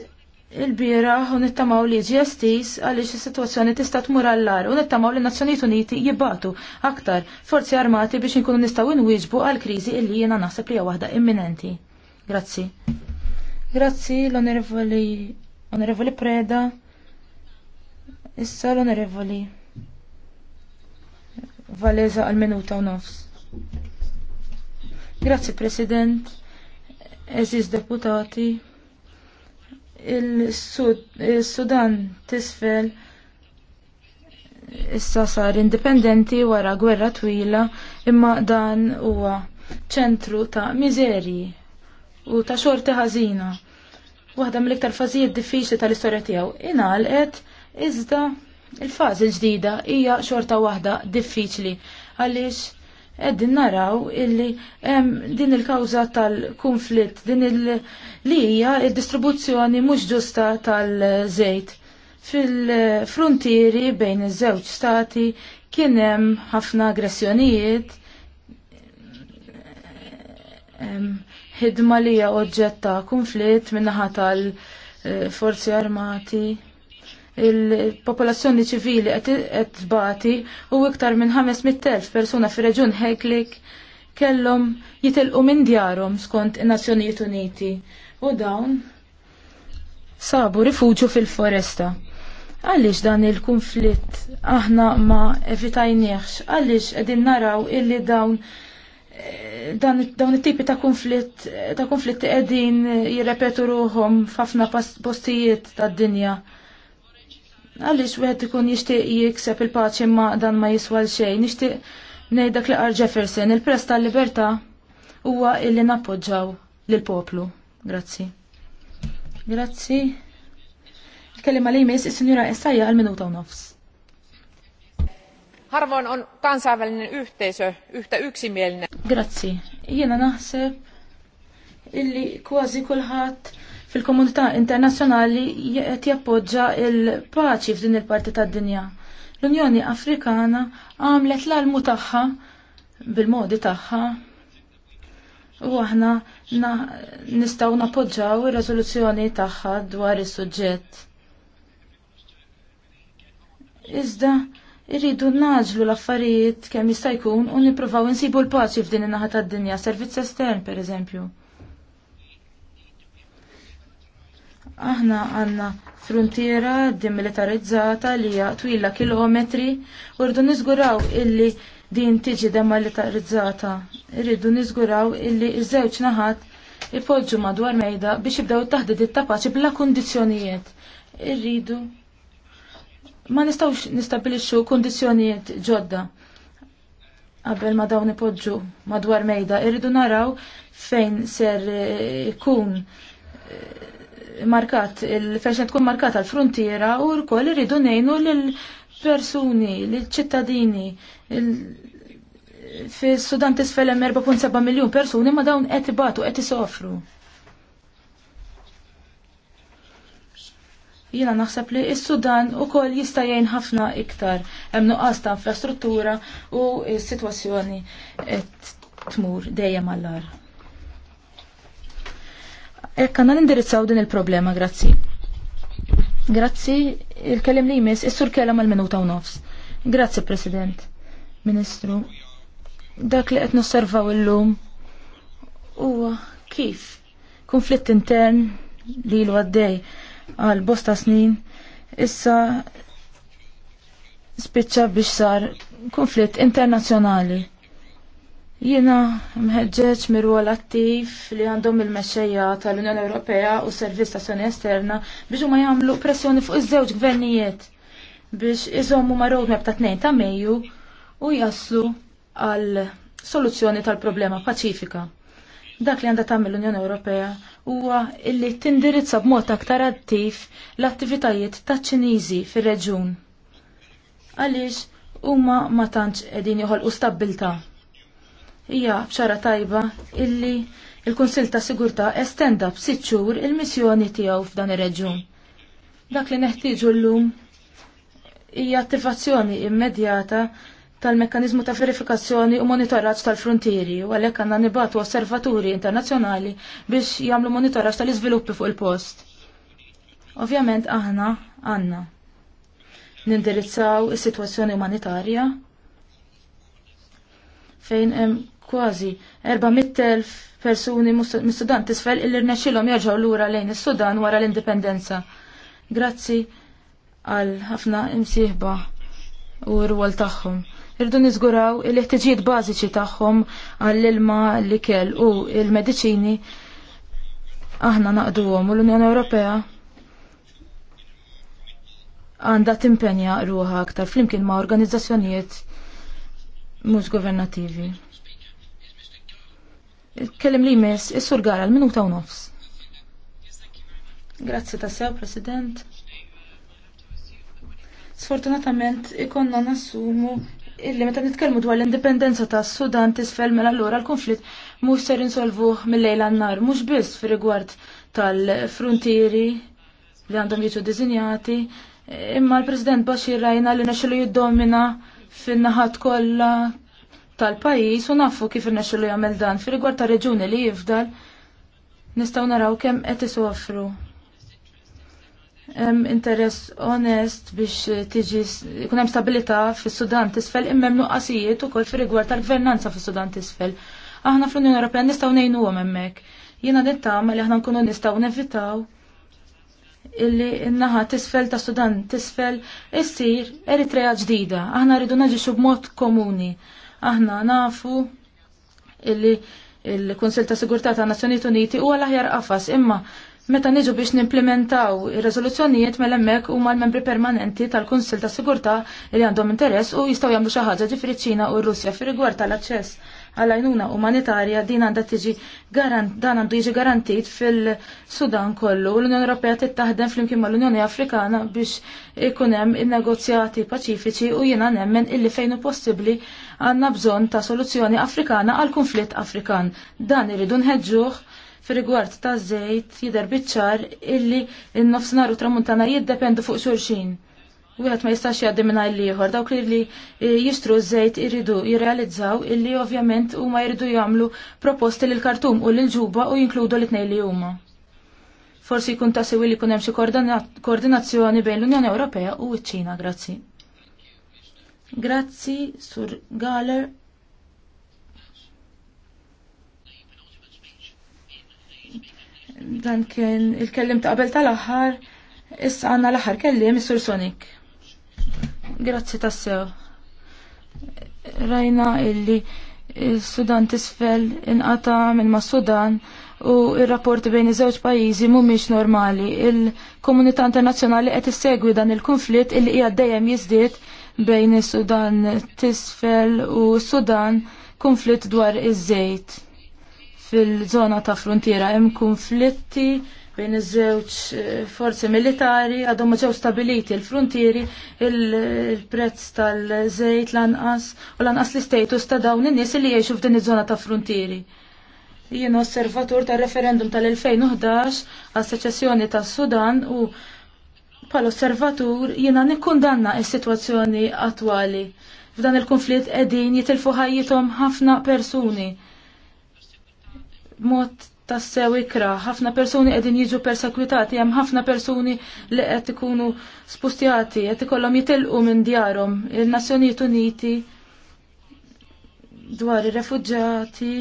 [SPEAKER 3] il-bira u nittamaw li ġestis għaliex is-sitwazzjoni tista' tmur għallar u nittamaw li Nazzjonijiet Uniti jibbatu aktar forzi armati biex inkunu nistgħu inwieġbu għal kriżi illi jiena naħseb li hija waħda imminenti. Grazzi. Grazzi l-Onorevoli Onorevoli Preda. Issa l-Onorevoli Valeza għal minuta u nofs. Grazzi President, eżiz deputati il-Sudan tisfel issa sar indipendenti wara gwerra twila imma dan huwa ċentru ta' miżerji u ta' xorti ħażina. Waħda mill-iktar fażijiet diffiċli tal-istorja tiegħu ingħalqet iżda il-fażi l-ġdida hija xorta waħda diffiċli għaliex Eddin naraw illi em, din il-kawza tal-konflitt, din il-li hija il-distribuzzjoni mhux ġusta tal-żejt. Fil-frontieri bejn iż-żewġ stati kien hemm ħafna aggressjonijiet, ħidma li hija oġġett ta' konflitt minnaħa tal-forzi eh, armati il-popolazzjoni ċivili qed tbati u iktar minn 500,000 persuna fir-reġjun Heklik kellhom jitilqu minn djarhom skont in-Nazzjonijiet Uniti u dawn sabu rifuġu fil-foresta. Għaliex dan il-konflitt aħna ma evitajnieħx, għaliex edin naraw illi dawn eh, dan, dawn it-tipi ta' konflitt ta' konflitt edin jirrepetu ruħom f'ħafna postijiet tad-dinja għaliex wieħed ikun jixtieq jikseb il-paċi imma dan ma jiswal xejn, nixtieq ngħidak li qar Jefferson, il-press tal-libertà huwa illi nappoġġaw lil poplu. Grazzi. Grazzi. Il-kelima li jmiss is-Sinjura Essajja għal minuta u nofs. Harvon on kansainvälinen yhteisö yhtä yksimielinen. Grazzi. Jiena naħseb illi kważi kulħadd fil-komunità internazzjonali qed jappoġġa il-paċi f'din il-parti tad-dinja. L-Unjoni Afrikana għamlet l-almu tagħha bil-modi tagħha u aħna nistgħu nistaw napoġġaw ir-riżoluzzjoni tagħha dwar is-suġġett. Iżda irridu naġlu l-affarijiet kemm jista' jkun u nippruvaw insibu l-paċi f'din in-naħa tad-dinja, servizz estern pereżempju. Aħna għanna frontiera demilitarizzata li hija twila kilometri u rridu niżguraw illi din tiġi demilitarizzata. Irridu niżguraw illi iż-żewġ naħat ipoġġu madwar mejda biex jibdew taħdid it paċi bla kundizzjonijiet. Irridu ma nistgħux nistabilixxu kundizzjonijiet ġodda qabel ma dawn ipoġġu madwar mejda. Irridu naraw fejn ser eh, ikun eh, markat, il-fersen tkun markat l frontiera u l-koll irridu nejnu l-persuni, l-ċittadini. Fi Sudan tisfel hemm 4.7 miljun persuni ma dawn qed ibatu qed isofru. Jiena naħseb li s-Sudan ukoll jista' jgħin ħafna iktar hemm nuqqas ta' infrastruttura u s-sitwazzjoni qed tmur dejjem għall-ar. Ekk nindirizzaw din il-problema, grazzi. Grazzi, il-kellim li jmiss, is-sur kellem għal-minuta u nofs. Grazzi, President, Ministru. Dak li qed nosservaw illum huwa kif konflitt intern li l għaddej għal bosta snin issa spiċċa biex sar konflitt internazzjonali Jiena mħeġġeġ mirwol attiv li għandhom il-mexxejja tal-Unjoni Ewropea u Servizz Tazzjoni Esterna biex huma jagħmlu pressjoni fuq iż-żewġ gvernijiet biex iżommu ma' roadmap ta' 2 ta' Mejju u jaslu għal soluzzjoni tal-problema paċifika. Dak li għandha tagħmel l-Unjoni Ewropea huwa illi tindirizza b'mod aktar attiv l-attivitajiet taċ-Ċiniżi fir-reġjun. Għaliex huma ma tantx qegħdin joħolqu stabbilta' hija bxara tajba illi il-Kunsil ta' Sigurtà estenda b'sitxur xhur il-missjoni tiegħu f'dan ir-reġjun. Dak li neħtieġu llum hija attivazzjoni immedjata tal-mekkanizmu ta' verifikazzjoni u monitoraġġ tal-frontieri u għalhekk għandna nibatu osservaturi internazzjonali biex jagħmlu monitoraġġ tal-iżviluppi fuq il-post. Ovvjament aħna għandna nindirizzaw is-sitwazzjoni umanitarja fejn hemm kważi 400.000 persuni mis-Sudan tisfel illi rnexxilhom jerġgħu lura lejn is-Sudan wara l-indipendenza. Grazzi għal ħafna imsieħba u r-rwol tagħhom. Irdu niżguraw il-ħtiġijiet bażiċi tagħhom għall-ilma li kell u il-mediċini aħna naqduhom u l-Unjoni Ewropea għandha timpenja ruħa aktar flimkien ma' organizzazzjonijiet mhux governattivi. Kellim li mes, is-sur gara l-minuta u nofs. Grazzi ta' sew, President. Sfortunatament, ikonna nassumu illi meta nitkellmu dwar l-indipendenza ta' Sudan tisfel mela allura l-konflitt mhux ser insolvuh mill-lejl għan-nar, mhux biss fir-rigward tal-frontieri li għandhom jiġu dizinjati, imma l-President Bashir rajna li naxilu jiddomina fin-naħat kollha tal-pajis u nafu kif irnexxu li jagħmel dan fi rigward ta' reġuni li jifdal nistgħu naraw kemm qed isofru. Hemm interess onest biex tiġi jkun hemm stabilità fis-Sudan t'isfel imma hemm nuqqasijiet ukoll fi rigward tal-gvernanza fis-Sudan t'isfel. Aħna fl-Unjoni Ewropea nistgħu ngħinuhom hemmhekk. Jiena nittama li aħna nkunu nistgħu nevitaw illi n-naħa tisfel ta' Sudan tisfel issir Eritrea ġdida. Aħna rridu naġixxu b'mod komuni. Aħna nafu illi il konsil ta' Sigurtà ta' Nazzjonijiet Uniti huwa l-aħjar qafas imma meta niġu biex nimplementaw ir-riżoluzzjonijiet mela hemmhekk huma l-membri permanenti tal kunsill ta' Sigurtà li għandhom interess u jistgħu jagħmlu xi ħaġa ġifri ċ-Ċina u r-Russja fir-rigward tal-aċċess għal-għajnuna umanitarja din għanda tiġi dan għandu jiġi garantit fil-Sudan kollu. L-Unjoni Ewropea tittaħdem fl-imkien mal-Unjoni Afrikana biex ikun hemm negozjati paċifiċi u jiena nemmen illi fejn hu possibbli għandna bżonn ta' soluzzjoni Afrikana għal konflitt Afrikan. Dan irridu nħeġġuh fir-rigward ta' żejt jidher biċ-ċar illi n-nofsinhar u tramuntana jiddependu fuq xulxin wieħed ma jistax jgħaddi minn ieħor dawk li eh, jistru żejt iridu jirrealizzaw illi ovvjament huma jridu jagħmlu proposti lil kartum u lil ġuba u jinkludu l-itnej li huma. Forsi jkun ta' sewi li jkun hemm xi koordinazzjoni bejn l-Unjoni Ewropea u ċ-Ċina, grazzi. Grazzi, Sur Galer. Dan kien il-kellim ta' qabel tal-aħħar, issa għandna l-aħħar kellim, Sur Sonik. Grazzi tassew. Rajna illi il-Sudan tisfel inqata minn ma' Sudan u il-rapporti bejn iż-żewġ pajjiżi mhumiex normali. Il-komunità internazzjonali qed issegwi dan il-konflitt illi hija dejjem jiżdied bejn is-Sudan tisfel u Sudan konflitt dwar iż-żejt fil-żona ta' frontiera hemm konflitti bejn iż-żewġ eh, forzi militari għadhom ma ġew stabiliti l-frontieri il-prezz tal-żejt lanqas u lanqas l-istatus ta' dawn in-nies li jgħixu f'din iż-żona ta' frontieri. Jien osservatur tar referendum tal-2011 għas seċessjoni tas Sudan u bħal osservatur jiena nikkundanna s-sitwazzjoni attwali. F'dan il-konflitt qegħdin jitilfu ħajjithom ħafna persuni. Mod tassew ikra, ħafna persuni qegħdin jiġu persekwitati, hemm ħafna persuni li qed ikunu spustjati, qed ikollhom jitilqu minn djarhom. Il-Nazzjonijiet Uniti dwar ir refugġati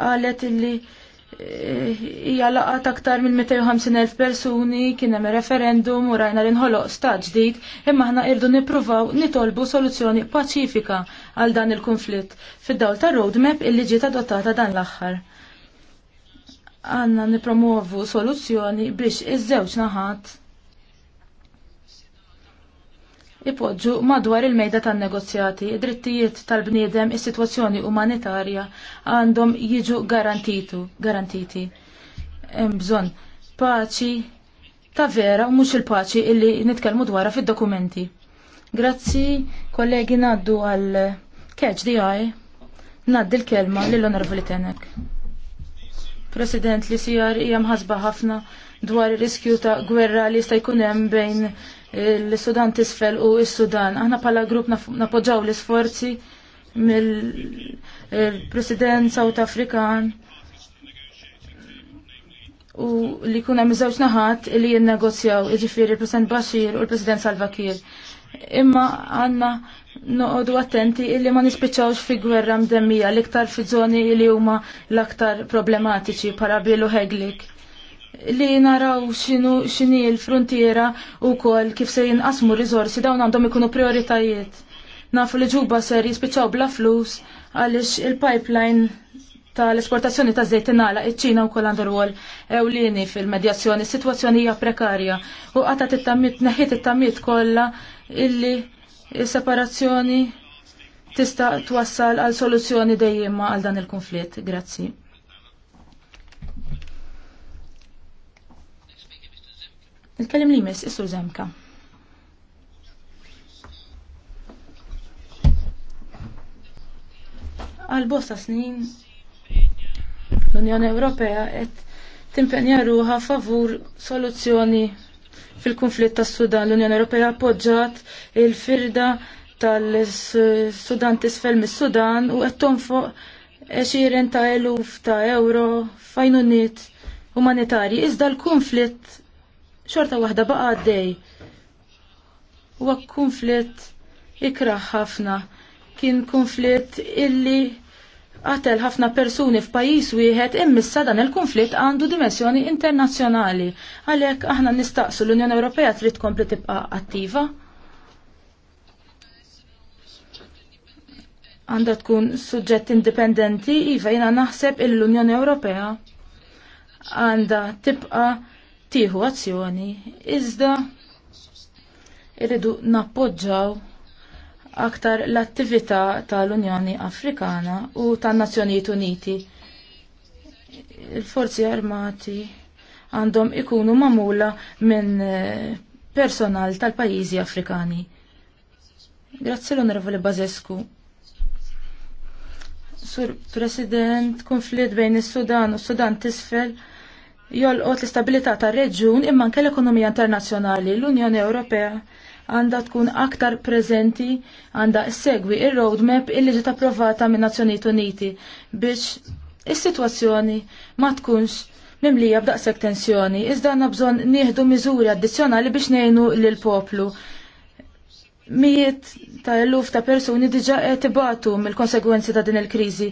[SPEAKER 3] qalet illi eh, hija laqat aktar minn 250.000 persuni kien hemm referendum u rajna l-inħoloq stat ġdid, imma aħna irdu nippruvaw nitolbu soluzzjoni paċifika għal dan il-konflitt fid-dawl tar roadmap illi ġiet adottata dan l-aħħar għanna nipromovu soluzzjoni biex iż-żewġ naħat ipoġġu madwar il-mejda tan-negozjati, id-drittijiet tal-bniedem, is-sitwazzjoni umanitarja għandhom jiġu garantitu, garantiti. Hemm bżonn paċi ta' vera u mhux il-paċi illi nitkellmu dwarha fid-dokumenti. Grazzi, kollegi ngħaddu għal catch the eye. ngħaddi l-kelma lill-Onorevoli Tenek. President li sijar hija ħazba ħafna dwar ir-riskju ta' gwerra li jista' jkun hemm bejn eh, l-Sudan tisfel u s-Sudan. Aħna bħala grupp napoġaw l-isforzi mill-President eh, South African u li kun hemm żewġ naħat li negozjaw iġifiri il-President Bashir u l-President Salva Kiir. Imma għandna noqodu attenti illi ma nispiċawx fi gwerra mdemmija l-iktar fi zoni illi huma l-aktar problematiċi para bilu heglik. Li naraw xinu xini l-frontiera u kol kif se jinqasmu rizorsi dawn għandhom ikunu prioritajiet. Nafu li ġuba ser jispiċaw bla flus għalix il-pipeline tal-esportazzjoni ta' zejt inala iċ-ċina u kol għandu rwol ewlieni fil-medjazzjoni, situazzjoni hija prekarja u għata it-tammit, neħiet it-tammit kollha illi separazzjoni tista' twassal għal soluzzjoni dejjema għal dan il-konflitt. Grazzi. Il-kelim li mis, issu zemka. Għal bosta snin l-Unjoni Ewropea qed timpenja ruħa favur soluzzjoni Fil-konflitt tas sudan l-Unjoni Ewropea appoġġat il-firda tal-Sudan tisfel mis-Sudan u qed tonfoq għexieren ta' eluf ta' euro fajnunit umanitarji. Iżda l-konflitt xorta waħda baqa għaddej. Huwa konflitt ikraħ ħafna. Kien konflitt illi qatel ħafna persuni f'pajjiż wieħed immissa dan il-konflitt għandu dimensjoni internazzjonali. Għalhekk aħna nistaqsu l-Unjoni Ewropea trid tkompli tibqa' attiva. Għandha tkun suġġett indipendenti iva jiena naħseb il l-Unjoni Ewropea għandha tibqa' tieħu azzjoni iżda irridu nappoġġaw aktar l-attività tal-Unjoni Afrikana u tan-Nazzjonijiet Uniti. Il-forzi armati għandhom ikunu mamula minn eh, personal tal-pajjiżi Afrikani. Grazzi l-Onorevoli Bazescu. Sur President, konflitt bejn is-Sudan u Sudan tisfel jolqot l-istabilità tar-reġjun imma anke l-ekonomija internazzjonali. L-Unjoni Ewropea għandha tkun aktar prezenti għandha segwi il roadmap il illi ġiet approvata minn Nazzjonijiet Uniti biex is-sitwazzjoni ma tkunx mimlija b'daqshekk tensjoni, iżda għandna bżonn nieħdu miżuri addizzjonali biex ngħinu lil poplu. Mijiet ta' eluf ta' persuni diġa qed ibatu mill-konsegwenzi ta' din il-kriżi.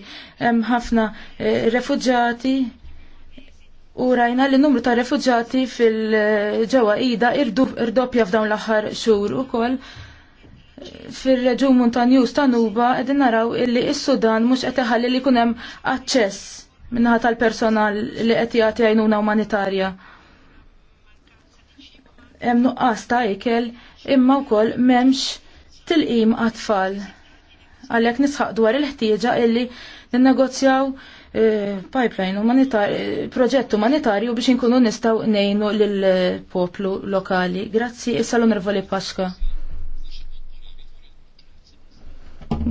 [SPEAKER 3] Hemm ħafna eh, refuġġati u rajna li numru ta' refugjati fil-ġewa ida irdoppja f'dawn l-aħħar xhur ukoll fil-reġun Muntanjuż ta' Nuba qegħdin naraw illi s-Sudan mhux qed iħalli li jkun hemm aċċess minnaħa tal-personal li qed jagħti għajnuna umanitarja. Hemm nuqqas ta' ikel imma wkoll m'hemmx tilqim għat-tfal. Għalhekk nisħaq dwar il-ħtieġa illi ninnegozjaw il pipeline umanitarju, proġett umanitarju biex inkunu nistaw nejnu lill-poplu lokali. Grazzi, issa l-onorvoli Pasqua.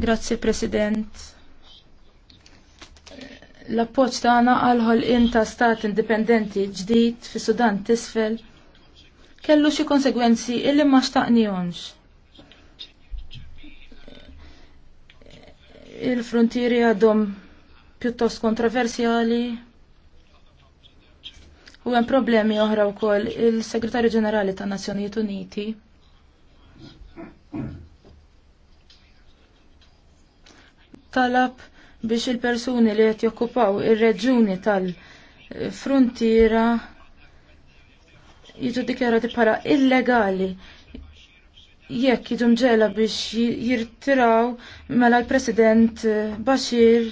[SPEAKER 3] Grazzi, President. L-appoċ tagħna għalħol inta stat indipendenti ġdid fi Sudan tisfel kellu xi konsegwenzi illi ma xtaqnihomx. Il-frontieri għadhom pjuttost kontroversjali. U hemm problemi oħra wkoll il-Segretarju Ġenerali ta' Nazzjonijiet Uniti. Talab biex il-persuni li qed jokkupaw ir-reġuni tal-frontiera jiġu dikjarati bħala illegali jekk jiġu mġela biex jirtiraw mela l-President Bashir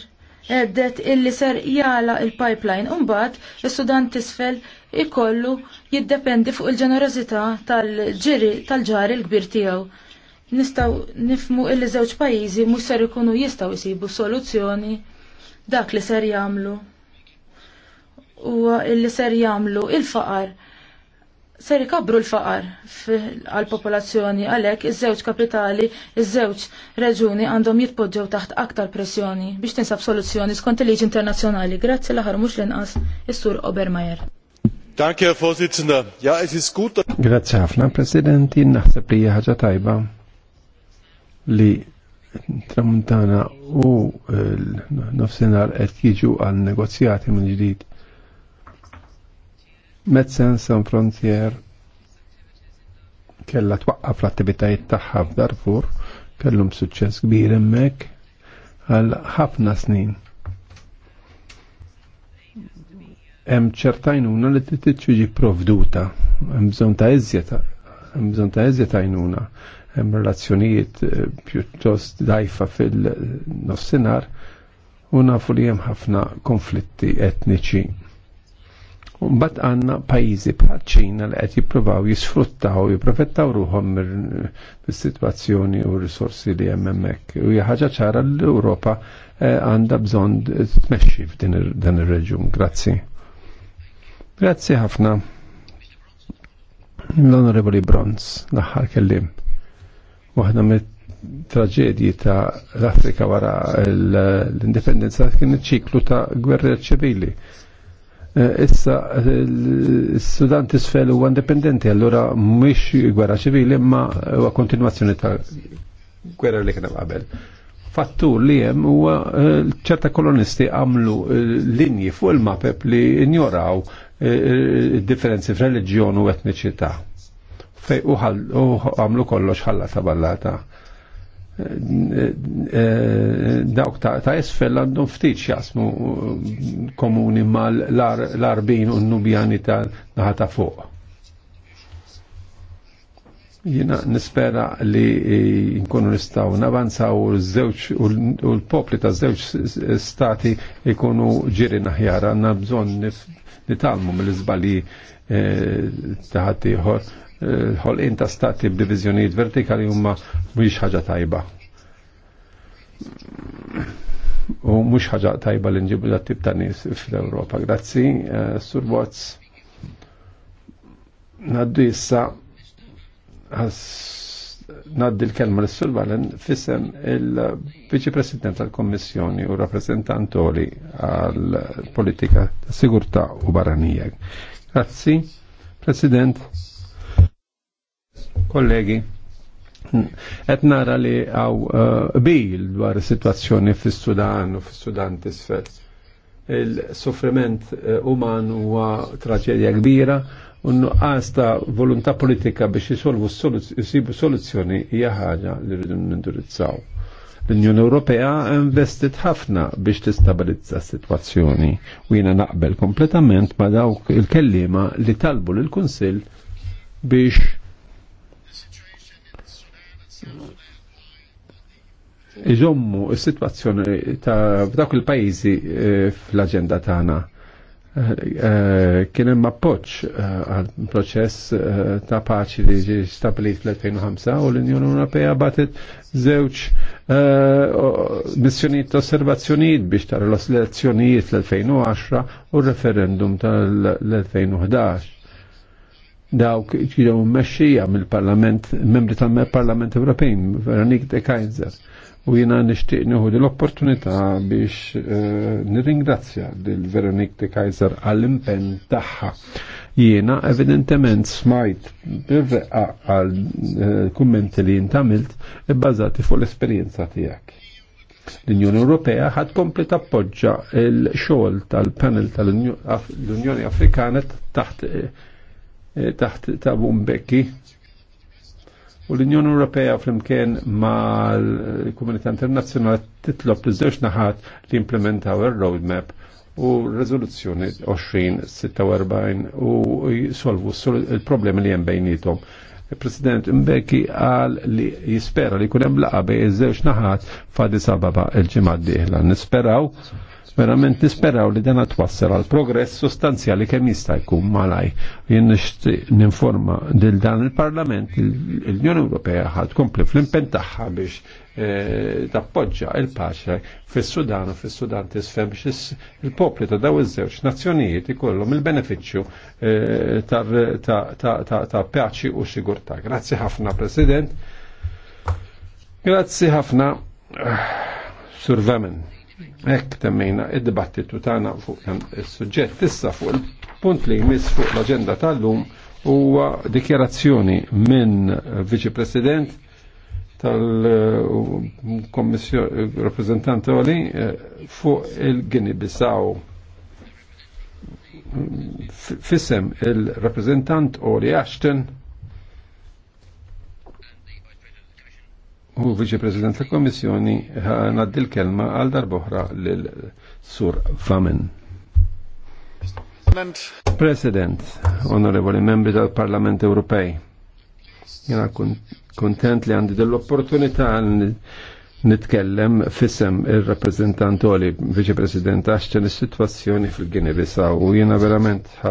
[SPEAKER 3] għeddet illi ser jala il-pipeline. Umbat, il-Sudan tisfel ikollu jiddependi fuq il-ġenerozità tal-ġiri tal-ġari l-kbir tiegħu. Nistaw nifmu illi żewġ pajjiżi mhux ser ikunu jistgħu jsibu soluzzjoni dak li ser jagħmlu. Huwa illi ser jagħmlu il-faqar ser ikabru l-faqar għal-popolazzjoni għalhekk iż-żewġ kapitali, iż-żewġ reġuni għandhom jitpoġġew taħt aktar pressjoni biex tinsab soluzzjoni skont il-liġi internazzjonali. Grazzi l aħar mhux l-inqas is-sur Obermajer.
[SPEAKER 1] Danke, Herr
[SPEAKER 2] Vorsitzender. Ja, es ist gut. Grazzi ħafna, Presidenti. Naħseb li ħaġa tajba li tramuntana u l-nofsenar eh, qed jiġu għal negozjati minn ġdid Medicine San Frontier kella twaqqaf l-attivitajiet tagħha f'Darfur, kellhom suċċess kbir hemmhekk għal ħafna snin. Hemm ċertajnuna li trid tiġi provduta, hemm bżonn ta' iżjed hemm bżonn ta' iżjed għajnuna, hemm relazzjonijiet eh, pjuttost dajfa fil-nofsinhar u nafu li hemm ħafna konflitti etniċi Mbagħad għandna pajjiżi bħal ċina li qed jippruvaw jisfruttaw jiprofettaw ruħom ruhom situazzjoni sitwazzjoni u r-risorsi li hemm hemmhekk. U hija ħaġa ċara l europa eh, għandha bżonn tmexxi f'din ir reġun Grazzi. Grazzi ħafna. L-Onorevoli Bronz, l-aħħar kellim. Waħda mit traġedji ta' l-Afrika wara l-indipendenza kien ċiklu ta' gwerra ċivili Eh, issa s-Sudan eh, tisfel huwa indipendenti, allura mux gwerra ċivili imma u kontinwazzjoni ta' gwerra li kena qabel. Fattur li hemm huwa eh, ċerta kolonisti għamlu linji fuq il-mapep li ignoraw differenzi f'reliġjon u etniċità. Fej u għamlu kollox ħalla ta' ballata dawk ta' isfel għandhom ftit jasmu uh, komuni mal l-arbin u n-nubjani ta' naħata fuq. Jina nispera li uh, nkunu nistaw navanzaw u l-popli ta' zewċ stati ikunu ġiri naħjar għanna bżon nitalmu mill-izbali uh, taħat iħor ħolqien ta' stati b'diviżjonijiet vertikali huma mhux ħaġa tajba. U mhux ħaġa tajba li nġibu dat tip ta' nies fl-Ewropa. Grazzi, eh, Sur Watts. Naddu issa naddi l-kelma l-Sur Valen fissem il-Viċi President tal-Kommissjoni u rappresentantoli għal-politika ta' sigurta u Baranijeg. Grazzi, President. Kollegi, Et nara li għaw eh, bil dwar situazzjoni fi sudan u fi sudan tisfet. Il-soffriment eh, uman huwa traġedja kbira u nuqqas ta' volontà politika biex jisolvu jisibu soluzzjoni hija ħaġa li rridu nindirizzaw. L-Unjoni Ewropea investit ħafna biex tistabilizza s-sitwazzjoni u jiena naqbel kompletament ma' dawk il-kellima li talbu lill kunsill biex iżommu s-situazzjoni ta' dak il-pajjiżi eh, fl-aġenda tagħna. Eh, eh, kien hemm appoġġ għal proċess ta' paċi li ġi stabilit fl-2005 u l-Unjoni Ewropea batet żewġ missjonijiet ta' osservazzjonijiet biex tara l-elezzjonijiet fl-2010 u r-referendum tal-2011 dawk ġidew mmexxija mill-Parlament, membri tal-Parlament Ewropej, Veronik de Kaiser u jina nishtiq nieħu l-opportunità biex eh, nirringrazzja lil Veronik de Kaiser għall-impenn tagħha. Jiena evidentement smajt birreqqa għal eh, kummenti li jintamilt bbażati fuq l-esperjenza tiegħek. L-Unjoni Ewropea ħad kompli tappoġġa l-xogħol tal-panel tal-Unjoni Afrikanet taħt eh, taħt ta' Bumbekki U l-Unjoni Ewropea flimkien ma l-Komunità Internazzjonali titlob li żewġ naħat li implementaw ir-roadmap u r-rezoluzzjoni 2046 u jisolvu il-problemi li hemm bejnietom. Il-President Mbeki għal li jispera li kunem laqa bej iż-żewġ naħat fadi Ababa il-ġimgħa d-dieħla. Nisperaw Verament nisperaw li dana twassal għal progress sostanzjali kemm jista' jkun malaj. Jien ninforma dil dan il-Parlament l-Unjoni Ewropea ħad kompli fl-impen tagħha biex eh, tappoġġa il-paċe fis-Sudan u fis-Sudan tisfem biex il-popli ta' daw iż-żewġ nazzjonijiet ikollhom il-benefiċċju eh, ta' paċi u xigurtà. Grazzi ħafna, President. Grazzi ħafna, eh, Sur Vemen. Ekk temmejna id-dibattitu tagħna fuq dan is-suġġett issa fuq il-punt li jmiss fuq l-aġenda tal-lum huwa dikjarazzjoni minn Viċi President tal-Kommissjoni Rappresentanti Oli eh, fuq il-Gini Bissaw. Fissem il rappreżentant Oli Ashton u Viċi President tal-Komissjoni eh, naddi l-kelma għal darboħra l-Sur Famen. President, onorevoli membri tal-Parlament Ewropej, jena kontent li għandi dell-opportunità nitkellem fissem il-rappresentant oli Viċi President għaxċen is-situazzjoni fil-Ginebisa u jena verament